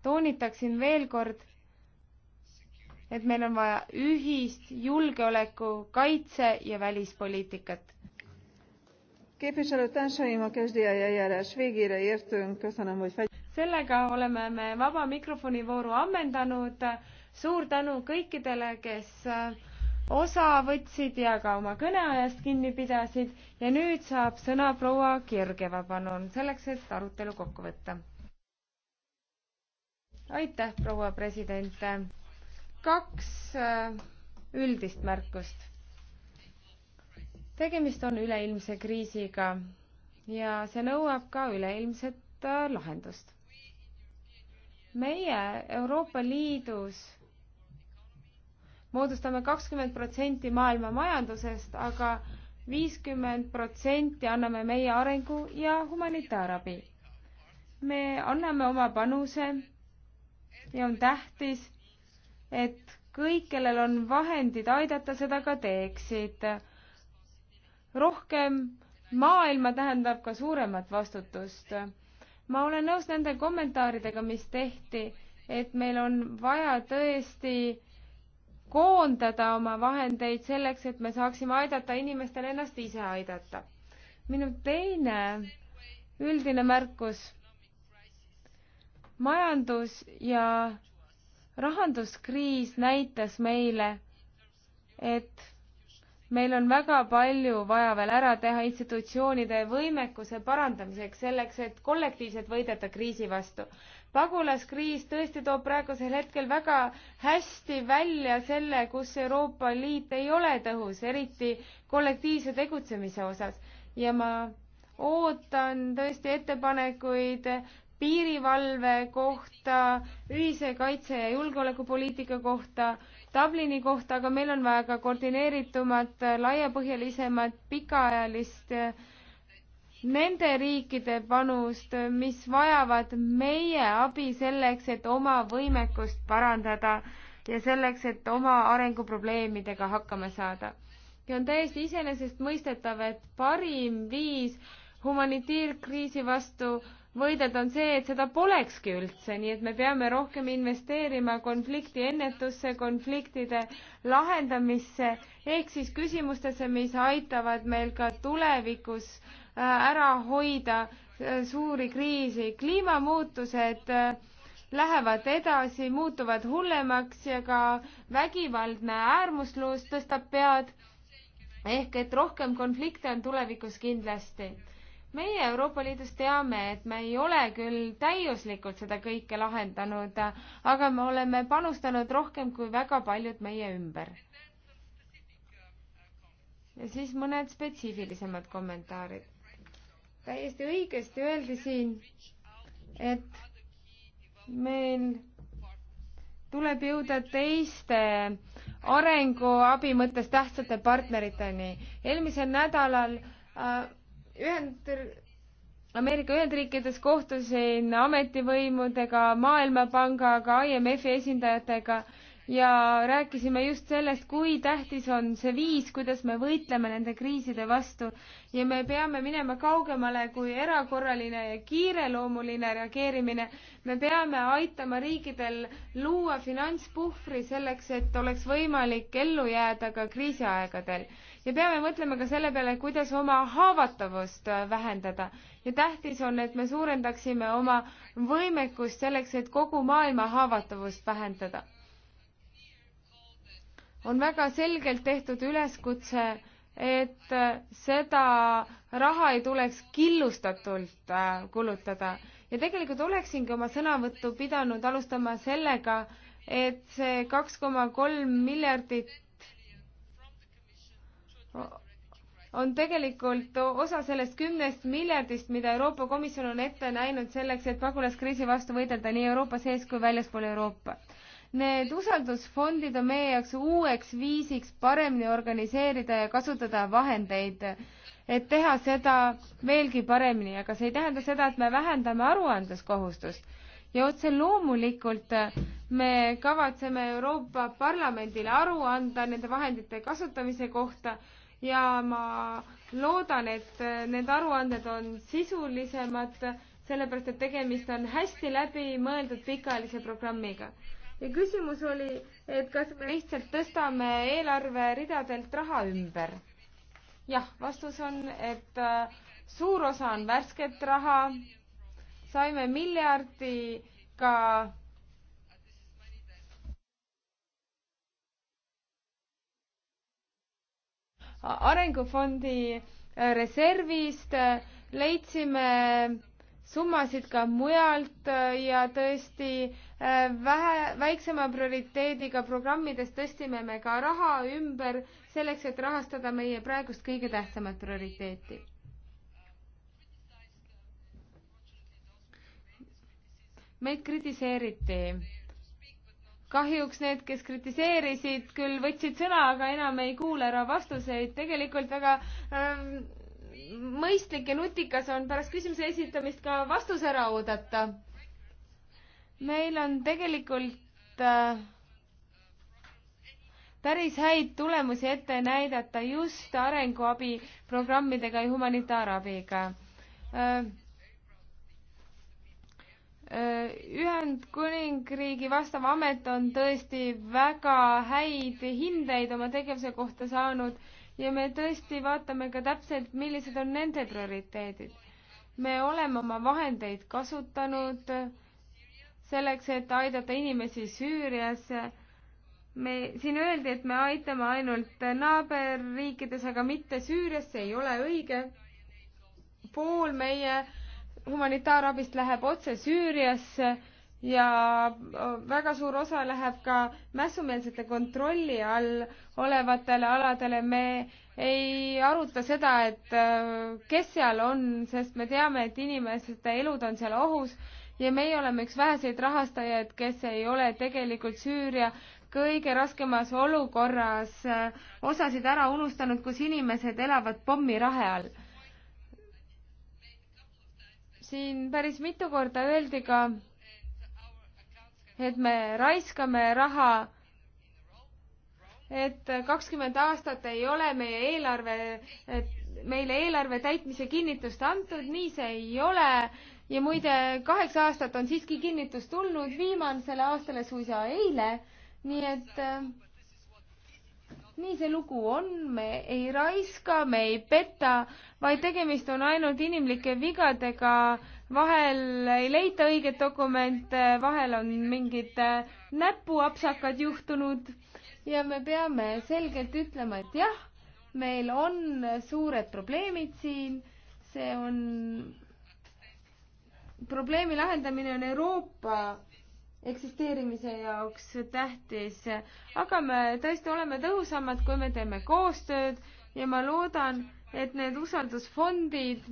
Speaker 2: toonitaksin veel kord, et meil on vaja ühist julgeoleku, kaitse ja välispoliitikat.
Speaker 4: képviselőtársaim, a kezdőeljárás végére értünk, köszönöm, hogy
Speaker 2: sellega oleme me vaba mikrofoni vooru ammendanud. suur tänu kõikidele, kes äh, osa võtsid ja ka oma kõneajast kinni pidasid ja nüüd saab sõna proua Kirgeva, palun, selleks, et arutelu kokku võtta. aitäh, proua president. kaks äh, üldist märkust. tegemist on üleilmse kriisiga ja see nõuab ka üleilmset äh, lahendust meie Euroopa Liidus moodustame kakskümmend protsenti maailma majandusest aga, aga viiskümmend protsenti anname meie arengu ja humanitaarabi. me anname oma panuse ja on tähtis, et kõik, kellel on vahendid aidata, seda ka teeksid. rohkem maailma tähendab ka suuremat vastutust ma olen nõus nende kommentaaridega, mis tehti, et meil on vaja tõesti koondada oma vahendeid selleks, et me saaksime aidata inimestel ennast ise aidata. minu teine üldine märkus. majandus ja rahanduskriis näitas meile, et meil on väga palju vaja veel ära teha institutsioonide võimekuse parandamiseks, selleks et kollektiivselt võidelda kriisi vastu. pagulaskriis tõesti toob praegusel hetkel väga hästi välja selle, kus Euroopa Liit ei ole tõhus, eriti kollektiivse tegutsemise osas. ja ma ootan tõesti ettepanekuid piirivalve kohta, ühise kaitse ja julgeolekupoliitika kohta Dublini kohta, aga meil on vaja ka koordineeritumat, laiapõhjalisemat, pikaajalist äh, nende riikide panust, mis vajavad meie abi selleks, et oma võimekust parandada ja selleks, et oma arenguprobleemidega hakkama saada. ja on täiesti iseenesestmõistetav, et parim viis humanitiirkriisi vastu võidelda, on see, et seda polekski üldse, nii et me peame rohkem investeerima konflikti ennetusse, konfliktide lahendamisse, ehk siis küsimustesse, mis aitavad meil ka tulevikus äh, ära hoida äh, suuri kriisi. kliimamuutused äh, lähevad edasi, muutuvad hullemaks ja ka vägivaldne äärmuslus tõstab pead. ehk et rohkem konflikte on tulevikus kindlasti meie Euroopa Liidus teame, et me ei ole küll täiuslikult seda kõike lahendanud, aga me oleme panustanud rohkem kui väga paljud meie ümber. ja siis mõned spetsiifilisemad kommentaarid. täiesti õigesti öeldi siin, et meil tuleb jõuda teiste arenguabi mõttes tähtsate partneriteni. eelmisel nädalal äh, ühend-, Ameerika Ühendriikides kohtusin ametivõimudega, Maailmapangaga, IMF-i esindajatega ja rääkisime just sellest, kui tähtis on see viis, kuidas me võitleme nende kriiside vastu ja me peame minema kaugemale kui erakorraline ja kiireloomuline reageerimine. me peame aitama riikidel luua finantspuhvri selleks, et oleks võimalik ellu jääda ka kriisiaegadel ja peame mõtlema ka selle peale, kuidas oma haavatavust vähendada ja tähtis on, et me suurendaksime oma võimekust selleks, et kogu maailma haavatavust vähendada on väga selgelt tehtud üleskutse, et seda raha ei tuleks killustatult äh, kulutada. ja tegelikult oleksingi oma sõnavõttu pidanud alustama sellega, et see kaks koma kolm miljardit on tegelikult osa sellest kümnest miljardist, mida Euroopa Komisjon on ette näinud selleks, et pagulaskriisi vastu võidelda nii Euroopa sees kui väljaspool Euroopat Need usaldusfondid on meie jaoks uueks viisiks paremini organiseerida ja kasutada vahendeid, et teha seda veelgi paremini, aga see ei tähenda seda, et me vähendame aruandluskohustust ja otse loomulikult me kavatseme Euroopa Parlamendile aru anda nende vahendite kasutamise kohta ja ma loodan, et need aruanded on sisulisemad, sellepärast et tegemist on hästi läbimõeldud pikaajalise programmiga ja küsimus oli, et kas me lihtsalt tõstame eelarveridadelt raha ümber. jah, vastus on, et äh, suur osa on värsket raha, saime miljardiga arengufondi äh, reservist leidsime summasid ka mujalt äh, ja tõesti äh, vähe, väiksema prioriteediga programmides tõstime me ka raha ümber selleks, et rahastada meie praegust kõige tähtsamat prioriteeti. meid kritiseeriti. kahjuks need, kes kritiseerisid, küll võtsid sõna, aga enam ei kuula ära vastuseid. tegelikult väga ähm, mõistlik ja nutikas on pärast küsimuse esitamist ka vastus ära oodata. meil on tegelikult äh, päris häid tulemusi ette näidata just arenguabi programmidega ja humanitaarabiga. Äh, äh, Ühendkuningriigi vastav amet on tõesti väga häid hindeid oma tegevuse kohta saanud ja me tõesti vaatame ka täpselt, millised on nende prioriteedid. me oleme oma vahendeid kasutanud selleks, et aidata inimesi Süürias. me, siin öeldi, et me aitame ainult naaberriikides, aga mitte Süürias, see ei ole õige. pool meie humanitaarabist läheb otse Süüriasse ja väga suur osa läheb ka mässumeelsete kontrolli all olevatele aladele. me ei aruta seda, et kes seal on, sest me teame, et inimeste elud on seal ohus ja meie oleme üks väheseid rahastajaid, kes ei ole tegelikult Süüria kõige raskemas olukorras osasid ära unustanud, kus inimesed elavad pommirahe all. siin päris mitu korda öeldi ka et me raiskame raha et kakskümmend aastat ei ole meie eelarve, meile eelarve täitmise kinnitust antud, nii see ei ole. ja muide, kaheksa aastat on siiski kinnitus tulnud, viimasele aastale suisa eile. nii et nii see lugu on, me ei raiska, me ei peta, vaid tegemist on ainult inimlike vigadega vahel ei leita õiget dokumente, vahel on mingid äh, näpuapsakad juhtunud ja me peame selgelt ütlema, et jah, meil on suured probleemid siin, see on, probleemi lahendamine on Euroopa eksisteerimise jaoks tähtis, aga me tõesti oleme tõhusamad, kui me teeme koostööd ja ma loodan, et need usaldusfondid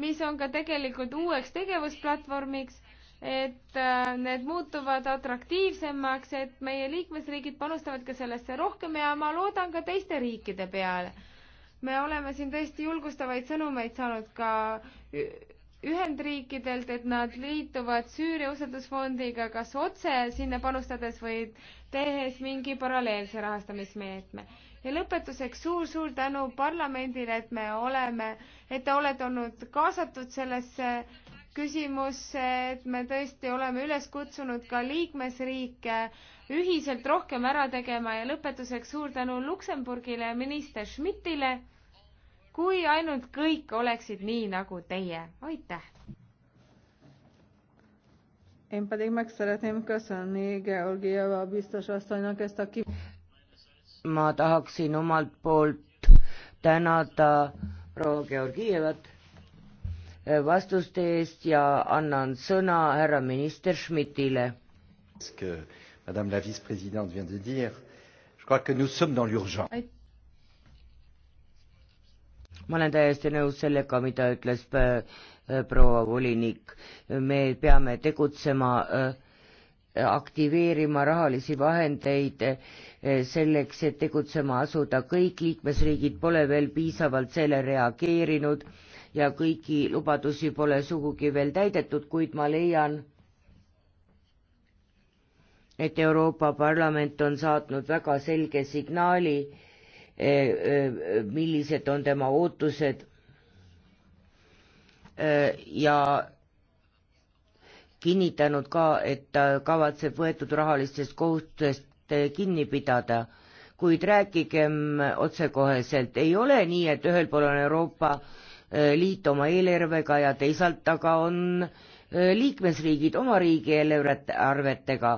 Speaker 2: mis on ka tegelikult uueks tegevusplatvormiks, et äh, need muutuvad atraktiivsemaks, et meie liikmesriigid panustavad ka sellesse rohkem ja ma loodan ka teiste riikide peale. me oleme siin tõesti julgustavaid sõnumeid saanud ka Ühendriikidelt, et nad liituvad Süüria usaldusfondiga kas otse sinna panustades või tehes mingi paralleelse rahastamismeetme ja lõpetuseks suur-suur tänu parlamendile, et me oleme, et te olete olnud kaasatud sellesse küsimusse, et me tõesti oleme üles kutsunud ka liikmesriike ühiselt rohkem ära tegema ja lõpetuseks suur tänu Luksemburgile ja minister Schmidtile. kui ainult kõik oleksid nii nagu teie, aitäh! Én pedig meg szeretném köszönni Georgieva biztos asszonynak ezt a kiváló
Speaker 3: ma tahaksin omalt poolt tänada proua Georgievat vastuste eest ja annan sõna härra minister Schmidtile.
Speaker 4: Madame la vice-présidente vient de dire, je crois que nous sommes dans l'urgence.
Speaker 3: ma olen täiesti nõus sellega, mida ütles äh, äh, proua volinik. me peame tegutsema, äh, aktiveerima rahalisi vahendeid äh, Eh, selleks, et tegutsema asuda. kõik liikmesriigid pole veel piisavalt selle reageerinud ja kõiki lubadusi pole sugugi veel täidetud, kuid ma leian, et Euroopa Parlament on saatnud väga selge signaali, eh, eh, millised on tema ootused ja kinnitanud ka, et ta kavatseb võetud rahalistest kohustustest Äh, kinni pidada, kuid rääkigem otsekoheselt, ei ole nii, et ühel pool on Euroopa äh, Liit oma eelarvega ja teisalt aga on äh, liikmesriigid oma riigieelarvetega.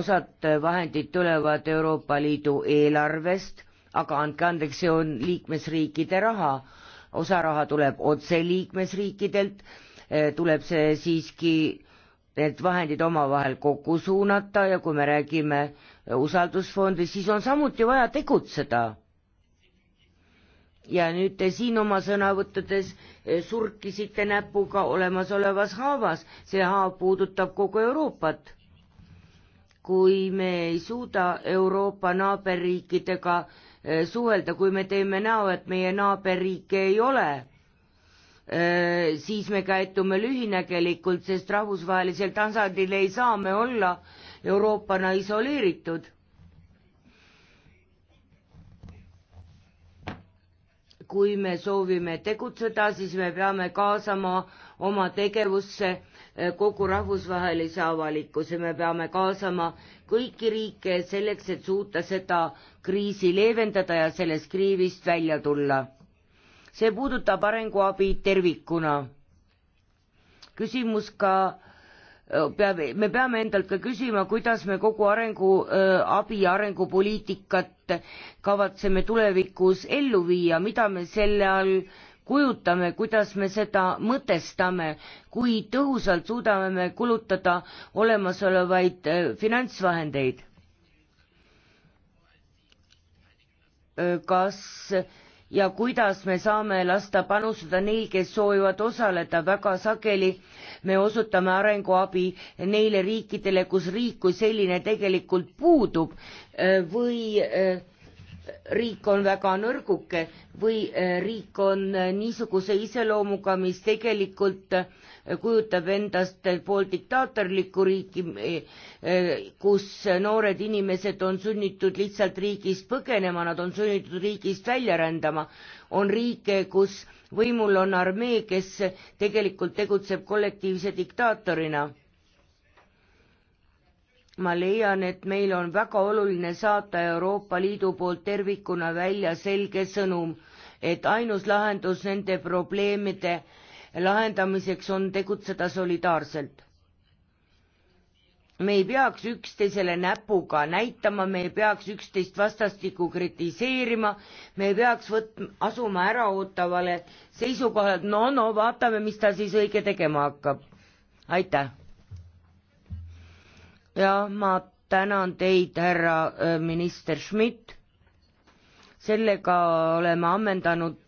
Speaker 3: osad vahendid tulevad Euroopa Liidu eelarvest, aga andke andeks, see on liikmesriikide raha, osa raha tuleb otse liikmesriikidelt, tuleb see siiski need vahendid omavahel kokku suunata ja kui me räägime usaldusfondi, siis on samuti vaja tegutseda. ja nüüd te siin oma sõnavõttudes eh, surkisite näpuga olemasolevas haavas, see haav puudutab kogu Euroopat. kui me ei suuda Euroopa naaberriikidega eh, suhelda, kui me teeme näo, et meie naaberriike ei ole Äh, siis me käitume lühinägelikult, sest rahvusvahelisel tasandil ei saa me olla Euroopana isoleeritud. kui me soovime tegutseda, siis me peame kaasama oma tegevusse äh, kogu rahvusvahelise avalikkuse, me peame kaasama kõiki riike selleks, et suuta seda kriisi leevendada ja sellest kriivist välja tulla see puudutab arenguabi tervikuna. küsimus ka peab, me peame endalt ka küsima, kuidas me kogu arenguabi ja arengupoliitikat kavatseme tulevikus ellu viia, mida me selle all kujutame, kuidas me seda mõtestame, kui tõhusalt suudame me kulutada olemasolevaid finantsvahendeid. kas ja kuidas me saame lasta panustada neil, kes soovivad osaleda, väga sageli me osutame arenguabi neile riikidele, kus riik kui selline tegelikult puudub äh, või äh, riik on väga nõrguke või äh, riik on niisuguse iseloomuga, mis tegelikult äh, kujutab endast pooldiktaatorlikku riiki, eh, eh, kus noored inimesed on sunnitud lihtsalt riigist põgenema, nad on sunnitud riigist välja rändama. on riike, kus võimul on armee, kes tegelikult tegutseb kollektiivse diktaatorina ma leian, et meil on väga oluline saata Euroopa Liidu poolt tervikuna välja selge sõnum, et ainus lahendus nende probleemide äh, lahendamiseks on tegutseda solidaarselt. me ei peaks üksteisele näpuga näitama, me ei peaks üksteist vastastikku kritiseerima, me ei peaks võt-, asuma äraootavale seisukohale, et no, no vaatame, mis ta siis õige tegema hakkab. aitäh! ja ma tänan teid, härra äh, minister Schmidt, sellega oleme ammendanud